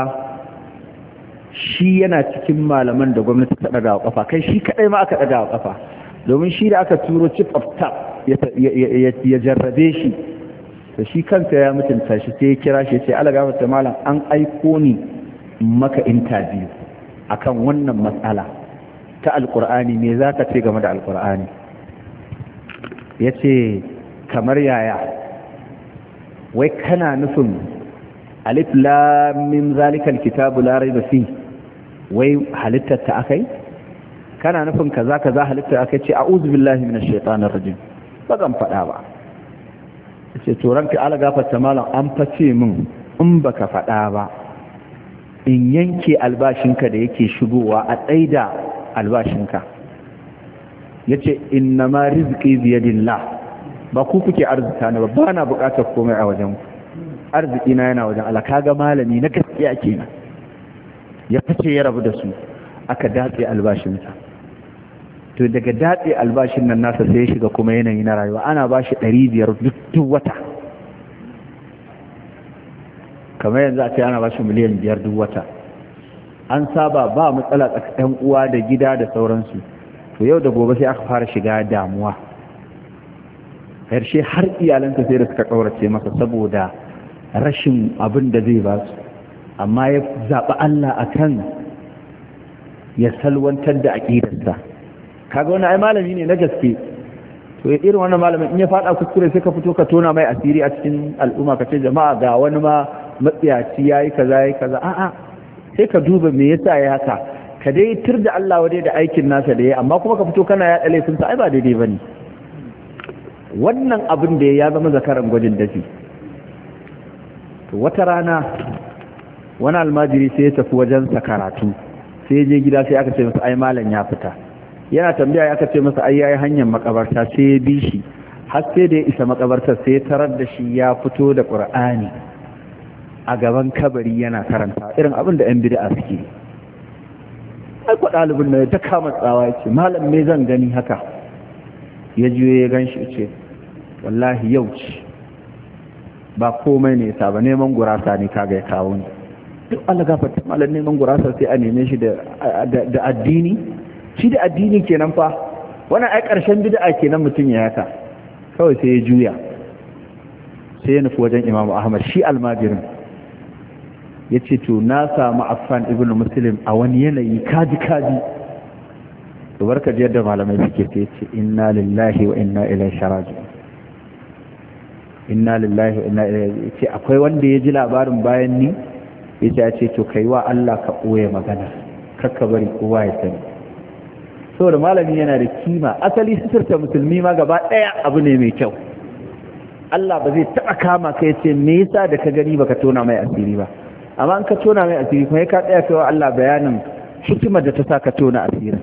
shi yana cikin malaman da gwamnati ta daga kafa kai shi kadai ma aka daga kafa domin shi da aka turo chief of staff ya jarrabe shi ta shi kansa ya mutunta shi sai ya kira shi sai ala malam an aiko ni maka interview akan wannan matsala ta alkur'ani me za ka ce game da alkur'ani ya ce kamar yaya wai kana nufin alif min zalikal kitabu larai da fi wai halittar ta akai kana nufin kaza kaza halittar akai ce a'udhu billahi minash shaitanir rajim ba zan faɗa ba ce turanka ala gafarta malam an face min in baka faɗa ba in yanke albashinka da yake shigowa a tsaida albashinka ya ce inna ma rizki biyadillah ba ku kuke arzika ne ba na buƙatar komai a wajen arziki na yana wajen Allah kaga malami na gaskiya kenan ya fice ya rabu da su aka datse albashinsa to daga datse albashin nan nasa sai ya shiga kuma yanayi na rayuwa ana ba shi ɗari biyar duk wata kamar yanzu a ce ana ba shi miliyan biyar duk wata an saba ba matsala tsakanin uwa da gida da sauransu to yau da gobe sai aka fara shiga damuwa karshe har iyalanka sai da suka ƙaurace masa saboda rashin abin da zai ba su amma ya zaɓi Allah akan ya salwantar da aƙidarsa kaga wani ai malami ne na gaske to irin wannan malamin in ya fada kuskure sai ka fito ka tona mai asiri a cikin al'umma ka ce jama'a ga wani ma matsiyaci yayi kaza yayi kaza a'a sai ka duba me yasa ya haka ka dai tur da Allah wade da aikin nasa da yayi amma kuma ka fito kana yaɗa laifin sa ai ba daidai bane wannan abin da ya zama zakaran gwajin dafi wata rana wani almajiri sai ya tafi wajen sa karatu sai ya je gida sai aka ce masa ai malam ya fita yana tambaya ya kace masa ai yayi hanyar makabarta sai ya bi shi har sai da ya isa makabartar sai ya tarar da shi ya fito da qur'ani a gaban kabari yana karanta irin abin da yan bid'a suke ai ko dalibin ne ta kama tsawa yace malam me zan gani haka ya juyo ya ganshi yace wallahi yau ce ba komai ne ta ba neman gurasa ne kaga ya kawo ni duk Allah gafarta malam neman gurasa sai a neme shi da addini shi da addini kenan fa wannan ai karshen bid'a kenan mutum ya yaka kawai sai ya juya sai ya nufi wajen Imam Ahmad shi almajirin yace to na samu Affan ibn Muslim a wani yanayi kaji kaji to barka ji yadda malamai suke ce yace inna lillahi wa inna ilaihi raji'un inna lillahi wa inna ilaihi yace akwai wanda ya ji labarin bayan ni yace ya ce to kai wa Allah ka ɓoye magana kakka bari kowa ya sani saboda malami yana da kima asali sitirta musulmi ma gaba ɗaya abu ne mai kyau Allah ba zai taɓa kama ka ya ce me yasa da ka gani baka tona mai asiri ba amma in ka tona mai asiri kuma ka tsaya kai wa Allah bayanin hikimar da ta sa ka tona asiri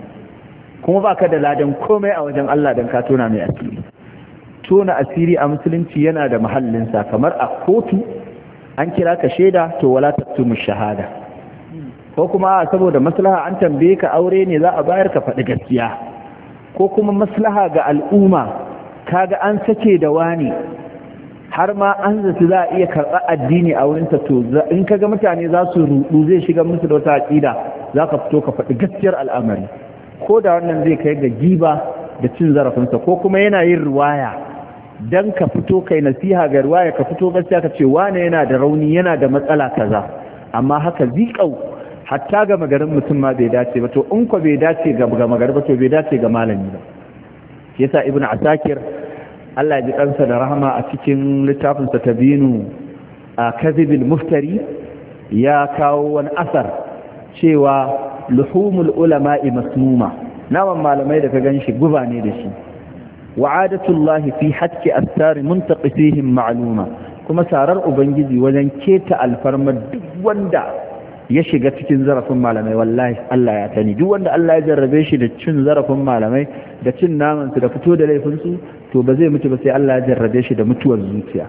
kuma baka da ladan komai a wajen Allah dan ka tona mai asiri tona asiri a musulunci yana da muhallin sa kamar a kotu an kira ka shaida to wala tattumu shahada ko kuma saboda maslaha an tambaye ka aure ne za a bayar ka faɗi gaskiya ko kuma maslaha ga al'umma kaga an sake da wani har ma an zaci za a iya karɓa addini a wurinsa to in kaga mutane za su rudu zai shiga musu da wata aƙida za ka fito ka faɗi gaskiyar al'amari ko da wannan zai kai ga giba da cin zarafinsa ko kuma yana yin ruwaya dan ka fito kai nasiha ga ruwaya ka fito gaskiya ka ce wane yana da rauni yana da matsala kaza amma haka zikau hatta ga magarin mutum ma bai dace ba to in ko bai dace ga magar ba to bai dace ga malami ba yasa ibnu asakir Allah ya ji kansa da rahama a cikin littafin sa tabinu a kadhibil muftari ya kawo wani asar cewa luhumul ulama'i masmuma naman malamai da ka ganshi guba ne da shi wa'adatullahi fi hakki asari muntaqisihim ma'luma kuma sarar ubangiji wajen keta alfarma duk wanda ya shiga cikin zarafin malamai wallahi Allah ya tani duk wanda Allah ya jarrabe shi da cin zarafin malamai da cin naman su da fito da laifin su to ba zai mutu ba sai Allah ya jarrabe shi da mutuwar zuciya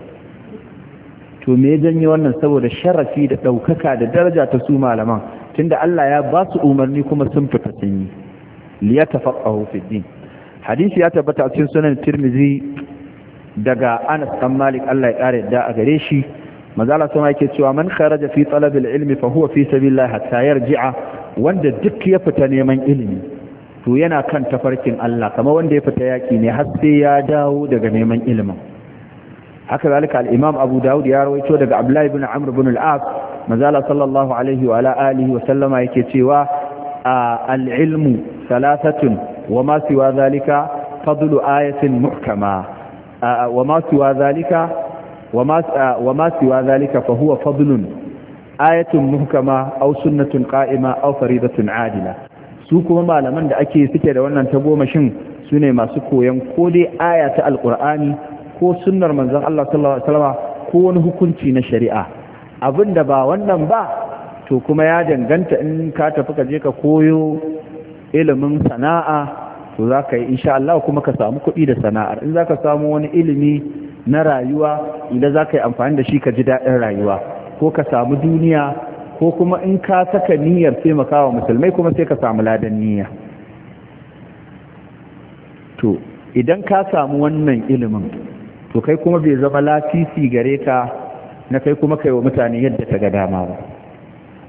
to me janye wannan saboda sharafi da daukaka da daraja ta su malaman tunda Allah ya ba su umarni kuma sun fita sun yi yatafaqahu fi din hadisi ya tabbata a cikin sunan Tirmidhi daga Anas bin Malik Allah ya kare da a gare shi mazala sama yake cewa man kharaja fi talabil ilmi fa huwa fi sabilillah hatta yarji'a wanda duk ya fita neman ilimi to yana kan tafarkin Allah kamar wanda ya fita yaki ne har sai ya dawo daga neman ilimin haka zalika al-imam abu dawud ya rawaito daga abdullah ibn amr ibn al-as mazala sallallahu alaihi wa ala alihi wa sallama yake cewa al-ilmu thalathatun wa ma siwa zalika fadlu ayatin muhkama wa ma siwa zalika wa ma siwa zalika fa huwa fadlun ayatun muhkama aw sunnatun qa'ima aw faridatun adila su kuma malaman da ake suke da wannan tagomashin su ne masu koyan ko dai aya ta alqur'ani ko sunnar manzon Allah sallallahu alaihi wasallam ko wani hukunci na shari'a abinda ba wannan ba to kuma ya danganta in ka tafi ka je ka koyo ilimin sana'a to za ka yi insha Allah kuma ka samu kuɗi da sana'ar in za ka samu wani ilimi na rayuwa idan za ka yi amfani da shi ka ji daɗin rayuwa ko ka samu duniya ko kuma in ka saka niyyar taimakawa musulmai kuma sai ka samu ladan niyya to idan ka samu wannan ilimin to kai kuma bai zama lasisi gare ka na kai kuma kai wa mutane yadda ta ga dama ba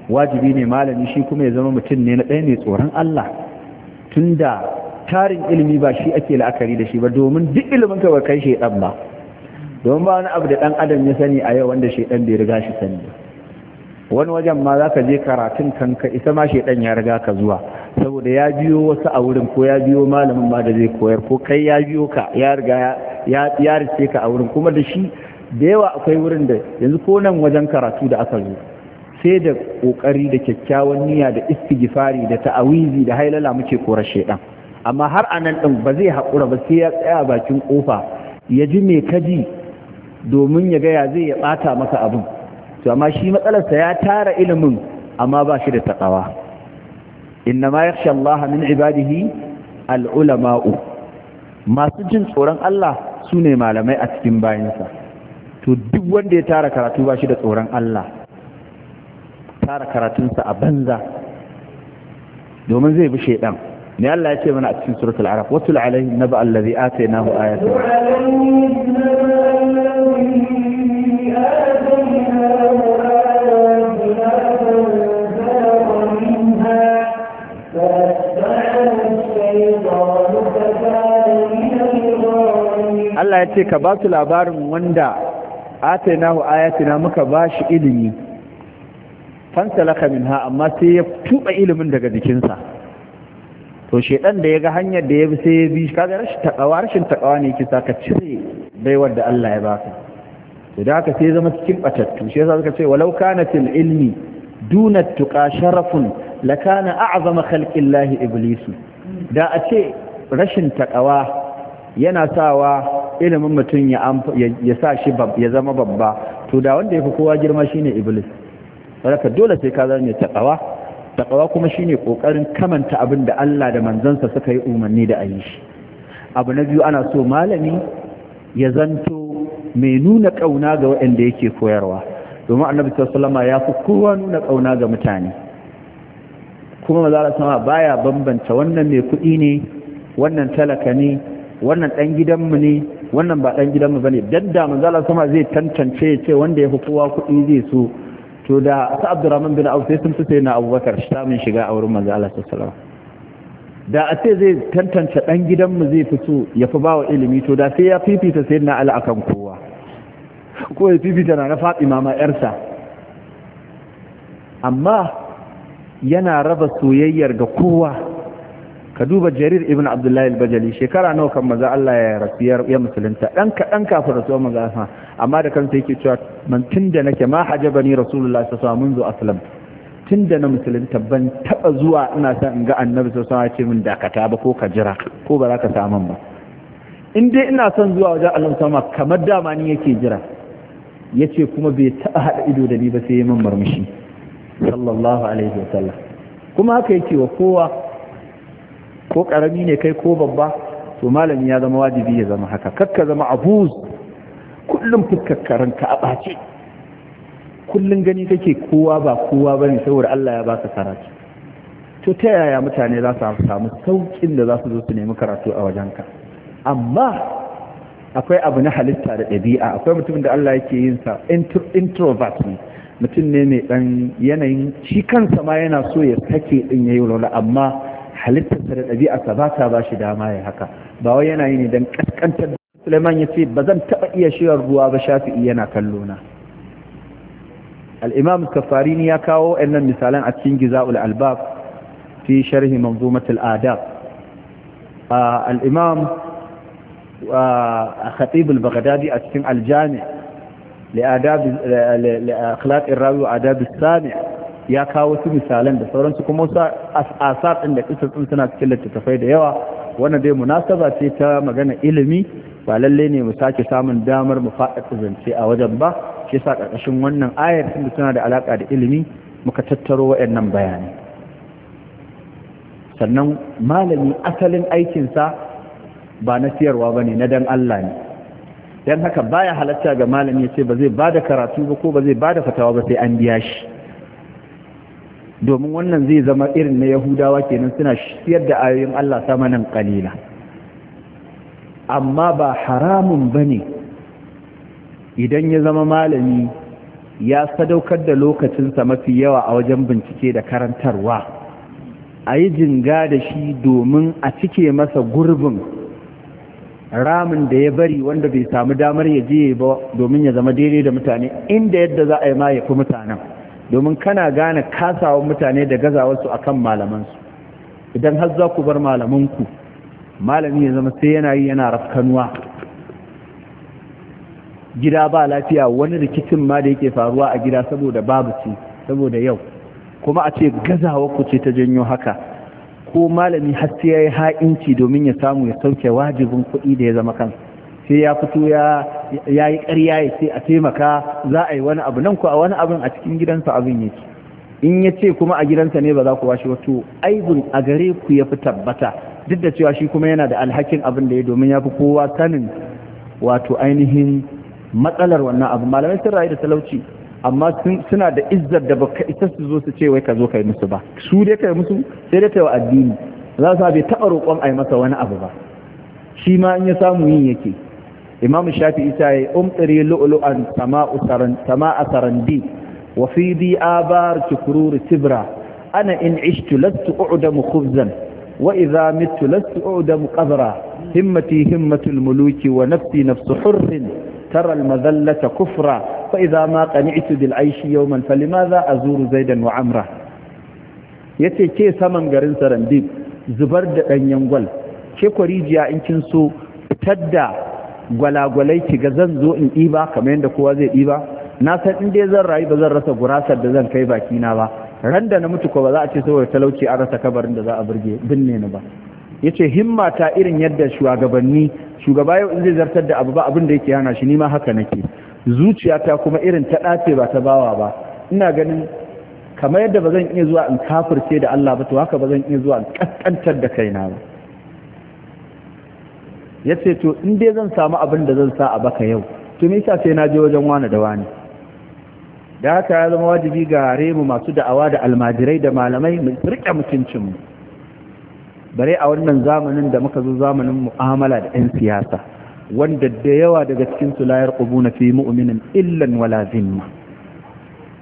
wajibi ne malami shi kuma ya zama mutum ne na ɗaya mai tsoron Allah tunda tarin ilimi ba shi ake la'akari da shi ba domin duk ilimin ka ba kai ɗan ba don ba wani abu da ɗan adam ya sani a yau wanda shaidan bai riga shi sani wani wajen ma za ka je karatun kanka isa ma shaidan ya riga ka zuwa saboda ya biyo wasu a wurin ko ya biyo malamin ma da zai koyar ko kai ya biyo ka ya riga ya ya rice ka a wurin kuma da shi da yawa akwai wurin da yanzu ko nan wajen karatu da aka zo sai da kokari da kyakkyawan niyya da istighfari da ta'awizi da hailala muke korar shaidan amma har anan din ba zai hakura ba sai ya tsaya bakin kofa ya ji me kaji domin ya gaya zai ya ɓata maka abin to amma shi matsalarsa ya tara ilimin amma ba shi da taƙawa inna ma ya Allah min ibadihi al'ulama'u masu jin tsoron Allah su ne malamai a cikin bayansa to duk wanda ya tara karatu ba shi da tsoron Allah tara karatunsa a banza domin zai bi shaidan ne Allah ya ce mana a cikin suratul araf watul alaihi naba allazi atainahu ayatun Allah ya ce ka ba su labarin wanda atainahu ayatina muka ba shi ilimi fansa laka min ha amma sai ya tuba ilimin daga jikinsa to shedan da ya ga hanyar da ya bi sai ya bi kaga rashin takawa rashin takawa ne yake ka cire baiwar da Allah ya baka to da haka sai zama cikin batattu shi yasa suka ce walau kanatil ilmi duna tuqa sharafun lakana a'zama khalqillahi iblisu da a ce rashin takawa yana sawa ilimin mutum ya sa shi ya zama babba to da wanda ya kowa girma shine iblis ka dole sai ka zama mai takawa takawa kuma shine kokarin kamanta abin da Allah da manzansa suka yi umarni da ayi shi abu na biyu ana so malami ya zanto mai nuna kauna ga waɗanda yake koyarwa domin annabi sallallahu alaihi ya fi kowa nuna kauna ga mutane kuma maza sama baya bambanta wannan mai kuɗi ne wannan talaka ne wannan dan gidanmu ne wannan ba dan gidanmu bane ne dadda maza sama zai tantance ya ce wanda ya fi kowa kuɗi zai so to da ta abdurrahman bin auf sai sun fi sai na abubakar samun shiga a wurin manzo Allah sallallahu da a ce zai tantance dan gidanmu zai fito ya fi bawa ilimi to da sai ya fifita sai na ala akan kowa ko ya fifita na rafa imama yarsa amma yana raba soyayyar ga kowa ka duba jarir ibn abdullahi al-bajali shekara nawa kan maza Allah ya rasu ya musulunta dan kaɗan kafin rasuwar maza sa amma da kansa yake cewa man tun da nake ma hajabani rasulullahi sallallahu alaihi wasallam aslam tun da na musulunta ban taba zuwa ina son in ga annabi sallallahu alaihi wasallam ya ce min dakata ba ko ka jira ko ba za ka samu ba in dai ina son zuwa wajen Allah sama kamar dama ni yake jira yace kuma bai taba hada ido da ni ba sai ya min murmushi sallallahu alaihi wasallam kuma haka yake wa kowa ko karami ne kai ko babba to malami ya zama wajibi ya zama haka kakka zama abuz kullum fuskakkaran ka abace kullum gani kake kowa ba kowa bane saboda Allah ya baka karatu to ta yaya mutane za su samu saukin da za su zo su nemi karatu a wajenka amma akwai abu na halitta da ɗabi'a akwai mutum da Allah yake yin sa introvert ne mutum ne mai ɗan yanayin shi kansa ma yana so ya sake ɗin yayi yi amma halittarsa da ɗabi'arsa ba ta ba shi dama ya haka ba wai yana yi ne don ƙasƙantar Suleiman ya ce ba zan taɓa iya shirar ruwa ba shafi'i yana kallo na al-imam kafarini ya kawo ɗannan misalan a cikin giza'ul albab fi sharhi manzumatul adab al-imam khatib al-baghdadi a cikin aljami li adab li akhlaq ar-rawi wa adab as-sami' ya kawo wasu misalan da sauransu kuma wasu asar ɗin da ɗin suna cikin littattafai da yawa wanda dai munasaba ce ta magana ilimi ba lalle ne mu sake samun damar mu faɗaɗa zance a wajen ba shi sa ƙarƙashin wannan ayar tun suna da alaƙa da ilimi muka tattaro waɗannan bayanai sannan malami asalin aikinsa ba na siyarwa ba ne na dan Allah ne dan haka baya halatta ga malami ya ce ba zai ba da karatu ba ko ba zai ba da fatawa ba sai an biya shi domin wannan zai zama irin na yahudawa kenan suna siyar da ayoyin Allah nan kalila amma ba haramun ba ne idan ya zama malami ya sadaukar da lokacinsa mafi yawa a wajen bincike da karantarwa a yi jinga da shi domin a cike masa gurbin ramin da ya bari wanda bai samu damar ya je ba domin ya zama daidai da mutane inda yadda za a yi ma ya fi mutanen domin kana gane kasawan mutane da gazawarsu a kan malamansu idan har za ku bar malamanku malami ya zama sai yana yi yana rafkanuwa gida ba lafiya wani rikicin ma da yake faruwa a gida saboda babu ce saboda yau kuma a ce gazawa ku ce ta janyo haka ko malami har sai ya yi ha'inci domin ya samu ya sauke wajibin kuɗi da ya zama kan sai ya fito ya ya yi ƙarya ya ce a taimaka za a yi wani abu nan ku a wani abin a cikin gidansa abin yake in ya ce kuma a gidansa ne ba za ku bashi wato aibun a gare ku ya fi tabbata duk da cewa shi kuma yana da alhakin abin da ya domin ya fi kowa kanin, wato ainihin matsalar wannan abu malamai sun rayu da talauci amma suna da izzar da baka isa su zo su ce wai ka zo kai musu ba su dai kai musu sai dai kai wa addini za su bai taɓa roƙon a yi masa wani abu ba shi ma in ya samu yin yake imam shafi ta ya umtiri lu'lu'an sama'a sarandi wa fi di abar tukururi tibra ana in ishtu lastu u'damu khubzan wa idza mitu lastu u'damu qabra himmati himmatul muluki wa nafsi nafsu hurrin tara al kufra fa idza ma qani'tu bil aishi yawman falimadha azuru zaidan wa amra yace ke saman garin sarandi zubar da danyen gwal ke kwarijiya in kin so fitar da gwalagwalai ki ga zan zo in ɗiba kamar yadda kowa zai ɗiba na san in dai zan rayu ba zan rasa gurasar da zan kai baki na ba ran da na mutu ko ba za a ce saboda talauci an rasa kabarin da za a burge binne ni ba yace himma ta irin yadda shugabanni shugaba yau in zai zartar da abu ba abin da yake hana shi ni ma haka nake zuciyata kuma irin ta dace ba ta bawa ba ina ganin kamar yadda ba zan iya zuwa in kafirce da Allah ba to haka ba zan iya zuwa in kaskantar da kaina ba ya ce to in dai zan samu abin da zan sa a baka yau to me yasa sai na je wajen wani da wani da haka ya zama wajibi ga mu masu da'awa da almajirai da malamai mu rike mutuncin mu bare a wannan zamanin da muka zo zamanin mu'amala da 'yan siyasa wanda da yawa daga cikin su layar ƙubu na fi mu'minin illan wala zimma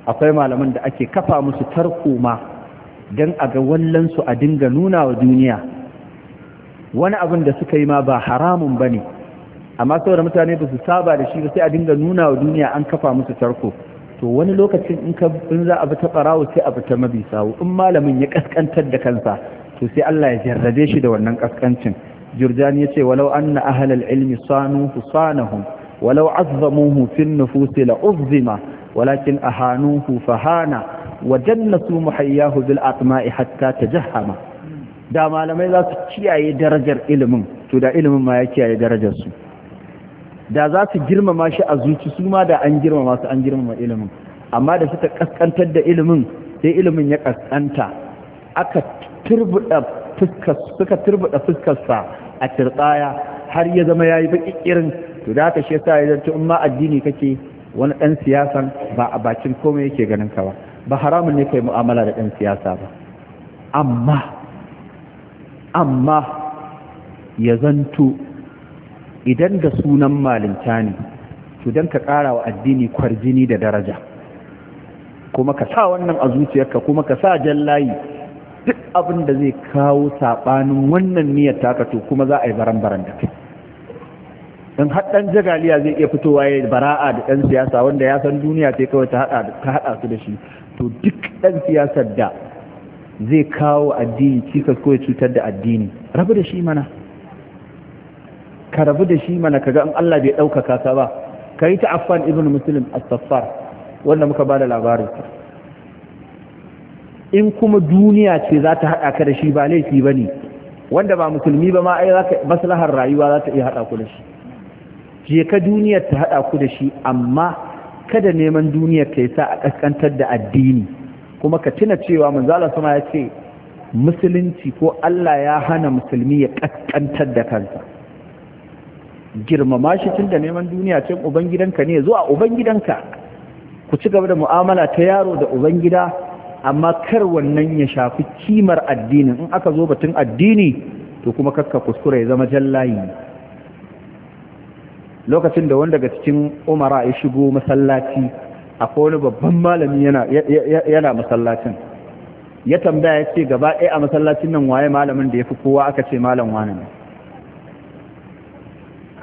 akwai malaman da ake kafa musu tarko ma don a ga wallansu a dinga nuna wa duniya wani abin da suka yi ma ba haramun ba ne amma saboda mutane ba su saba da shi ba sai a dinga nuna wa duniya an kafa musu tarko to wani lokacin in za a bi ta barawo sai a bi ta mabi in malamin ya kaskantar da kansa to sai Allah ya jarrabe shi da wannan kaskancin ya ce walau anna ahlal ilmi sanu husanahum walau azzamuhu fin nufusi la uzzima walakin ahanuhu fahana wa jannatu muhayyahu bil atma'i hatta tajahhama da malamai za su kiyaye darajar ilimin to da ilimin ma ya kiyaye darajar su, da za su girmama shi a zuci su ma da an girmama su an girmama ilimin amma da suka kaskantar da ilimin sai ilimin ya kaskanta aka turbuda fuskar suka turbuda fuskarsa a tirtsaya har ya zama yayi bakikirin to da haka shi yasa ya zanto in ma addini kake wani dan siyasan ba a bakin komai yake ganin ka ba ba haramun ne kai mu'amala da dan siyasa ba amma amma ya zanto idan da sunan malinta ne to don ka ƙara wa addini kwarjini da daraja kuma ka sa wannan a zuciyarka kuma ka sa jallayi duk abin da zai kawo saɓanin wannan niyyar taka to kuma za a yi baran-baran da kai in haɗɗan jagaliya zai iya fitowa ya bara'a da ɗan siyasa wanda ya san duniya sai kawai ta haɗa su da shi to duk ɗan siyasar da zai kawo addini cikas ko ya cutar da addini rabu da shi mana ka rabu da shi mana kaga in Allah bai ɗaukaka ka ba ka yi ta Afan ibn muslim as-saffar wanda muka ba da labarin in kuma duniya ce za ta haɗa ka da shi ba laifi ba ne wanda ba musulmi ba ma ai zaka maslahar rayuwa za ta iya haɗa ku da shi je ka duniyar ta haɗa ku da shi amma kada neman duniyar ka sa a kaskantar da addini kuma ka tuna cewa manzala sama ya ce musulunci ko Allah ya hana musulmi ya kaskantar da kansa girmama shi tun da neman duniya cin ubangidanka ne zuwa ubangidanka ku ci gaba da mu'amala ta yaro da ubangida amma kar wannan ya shafi kimar addinin in aka zo batun addini to kuma kakka kuskura ya zama jallayi lokacin da wanda daga cikin umara ya shigo masallaci akwai wani babban malami yana masallacin ya tambaya ya ce gaba ɗaya a masallacin nan waye malamin da ya fi kowa aka ce malam wani ne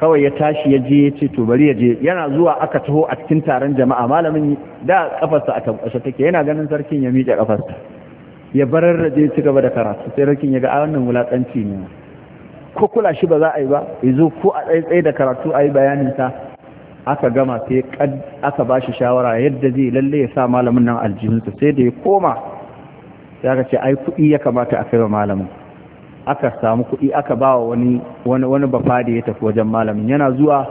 kawai ya tashi ya je ya ce to bari ya je yana zuwa aka taho a cikin taron jama'a malamin da kafarsa a tabbashe take yana ganin sarkin ya miƙe kafarsa ya barar da ya ci gaba da karatu sai sarkin ya ga a wannan wulaƙanci ne ko kula shi ba za a yi ba ya zo ko a tsaye da karatu a yi bayanin sa aka gama sai aka ba shi shawara yadda zai lalle ya sa malamin nan su sai da ya koma Ya ka ce ai kuɗi ya kamata a kai wa malamin aka samu kuɗi aka ba wa wani wani bafa da ya tafi wajen malamin yana zuwa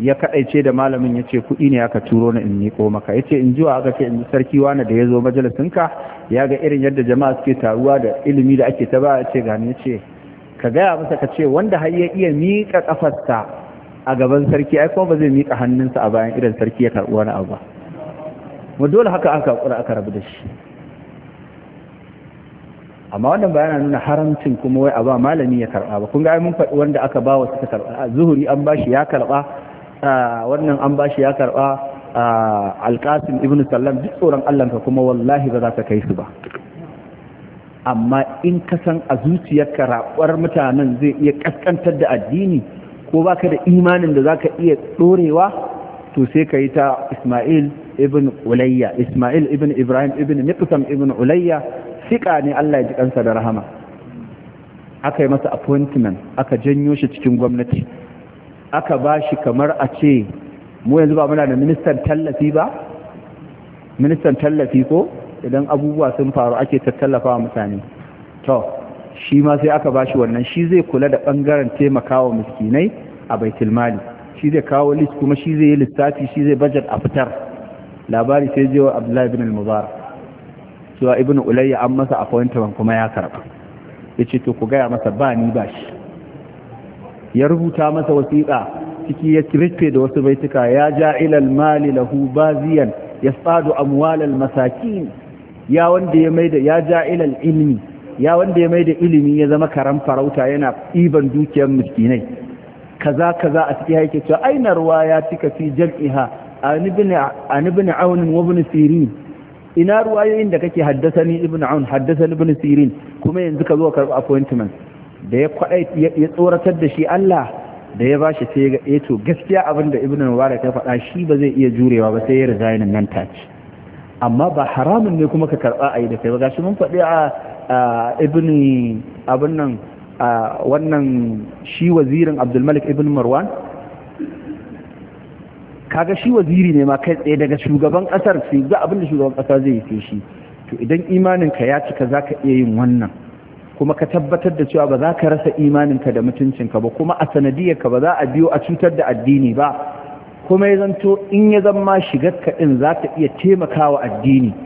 ya kaɗaice da malamin ya ce kuɗi ne aka turo na in ko maka ya ce in zuwa aka ce in sarki wani da ya zo majalisinka ya ga irin yadda jama'a suke taruwa da ilimi da ake ta ba ya ce gani ya ce ka gaya masa ka ce wanda har ya iya miƙa ƙafarsa a gaban sarki ai kuma ba zai miƙa hannunsa a bayan idan sarki ya karɓi wani abu ba mu dole haka aka kura aka rabu da shi amma wannan ba nuna haramcin kuma wai a ba malami ya karɓa ba kun ga mun faɗi wanda aka ba wa suka karɓa zuhuri an ba shi ya karɓa wannan an ba shi ya karɓa alƙasim ibnu sallam duk tsoron ka kuma wallahi ba za ka kai su ba amma in ka san a zuciyarka raɓar mutanen zai iya ƙasƙantar da addini ko baka da imanin da zaka iya dorewa to sai ka yi ta Ismail ibn Ulayya Ismail ibn Ibrahim ibn Miqsam ibn Ulayya sika ne Allah ya ji kansa da rahama aka yi masa appointment aka janyo shi cikin gwamnati aka ba shi kamar a ce mu yanzu ba muna da ministan tallafi ba ministan tallafi ko idan abubuwa sun faru ake tattallafa wa mutane to shi ma sai aka bashi wannan shi zai kula da bangaren taimakawa miskinai a baitul mali shi zai kawo list kuma shi zai yi lissafi shi zai budget a fitar labari sai je wa abdullahi ibn al-mubarak cewa ibn ulayya an masa appointment kuma ya karba yace to ku gaya masa ba ni ba ya rubuta masa wasiƙa ciki ya rufe da wasu baituka ya ja'ilal mali lahu baziyan yasadu al masakin ya wanda ya maida ya ja'ilal ilmi ya wanda ya mai da ilimi ya zama karan farauta yana iban dukiyar miskinai kaza kaza a cikin haike cewa aina ruwa ya cika fi jam'iha an ibn aun wa ibn sirin ina ruwayoyin da kake ni ibn aun haddasa ibn sirin kuma yanzu ka zo karɓi appointment da ya kwaɗa ya tsoratar da shi Allah da ya bashi sai ga eto eh, gaskiya abin da ibn mubarak ya faɗa shi ba zai iya jurewa ba sai ya resign nan tace amma ba haramun ne kuma ka karɓa a yi da kai ba gashi mun faɗi a ibn abin nan wannan shi wazirin abdulmalik ibn marwan kaga shi waziri ne ma kai tsaye daga shugaban kasar sai ga abin da shugaban kasa zai yi shi to idan imaninka ya cika zaka iya yin wannan kuma ka tabbatar da cewa ba za ka rasa imaninka da mutuncinka ba kuma a sanadiyyarka ba za a biyo a cutar da addini ba kuma ya zanto in ya zama shigar ka din za ta iya taimakawa addini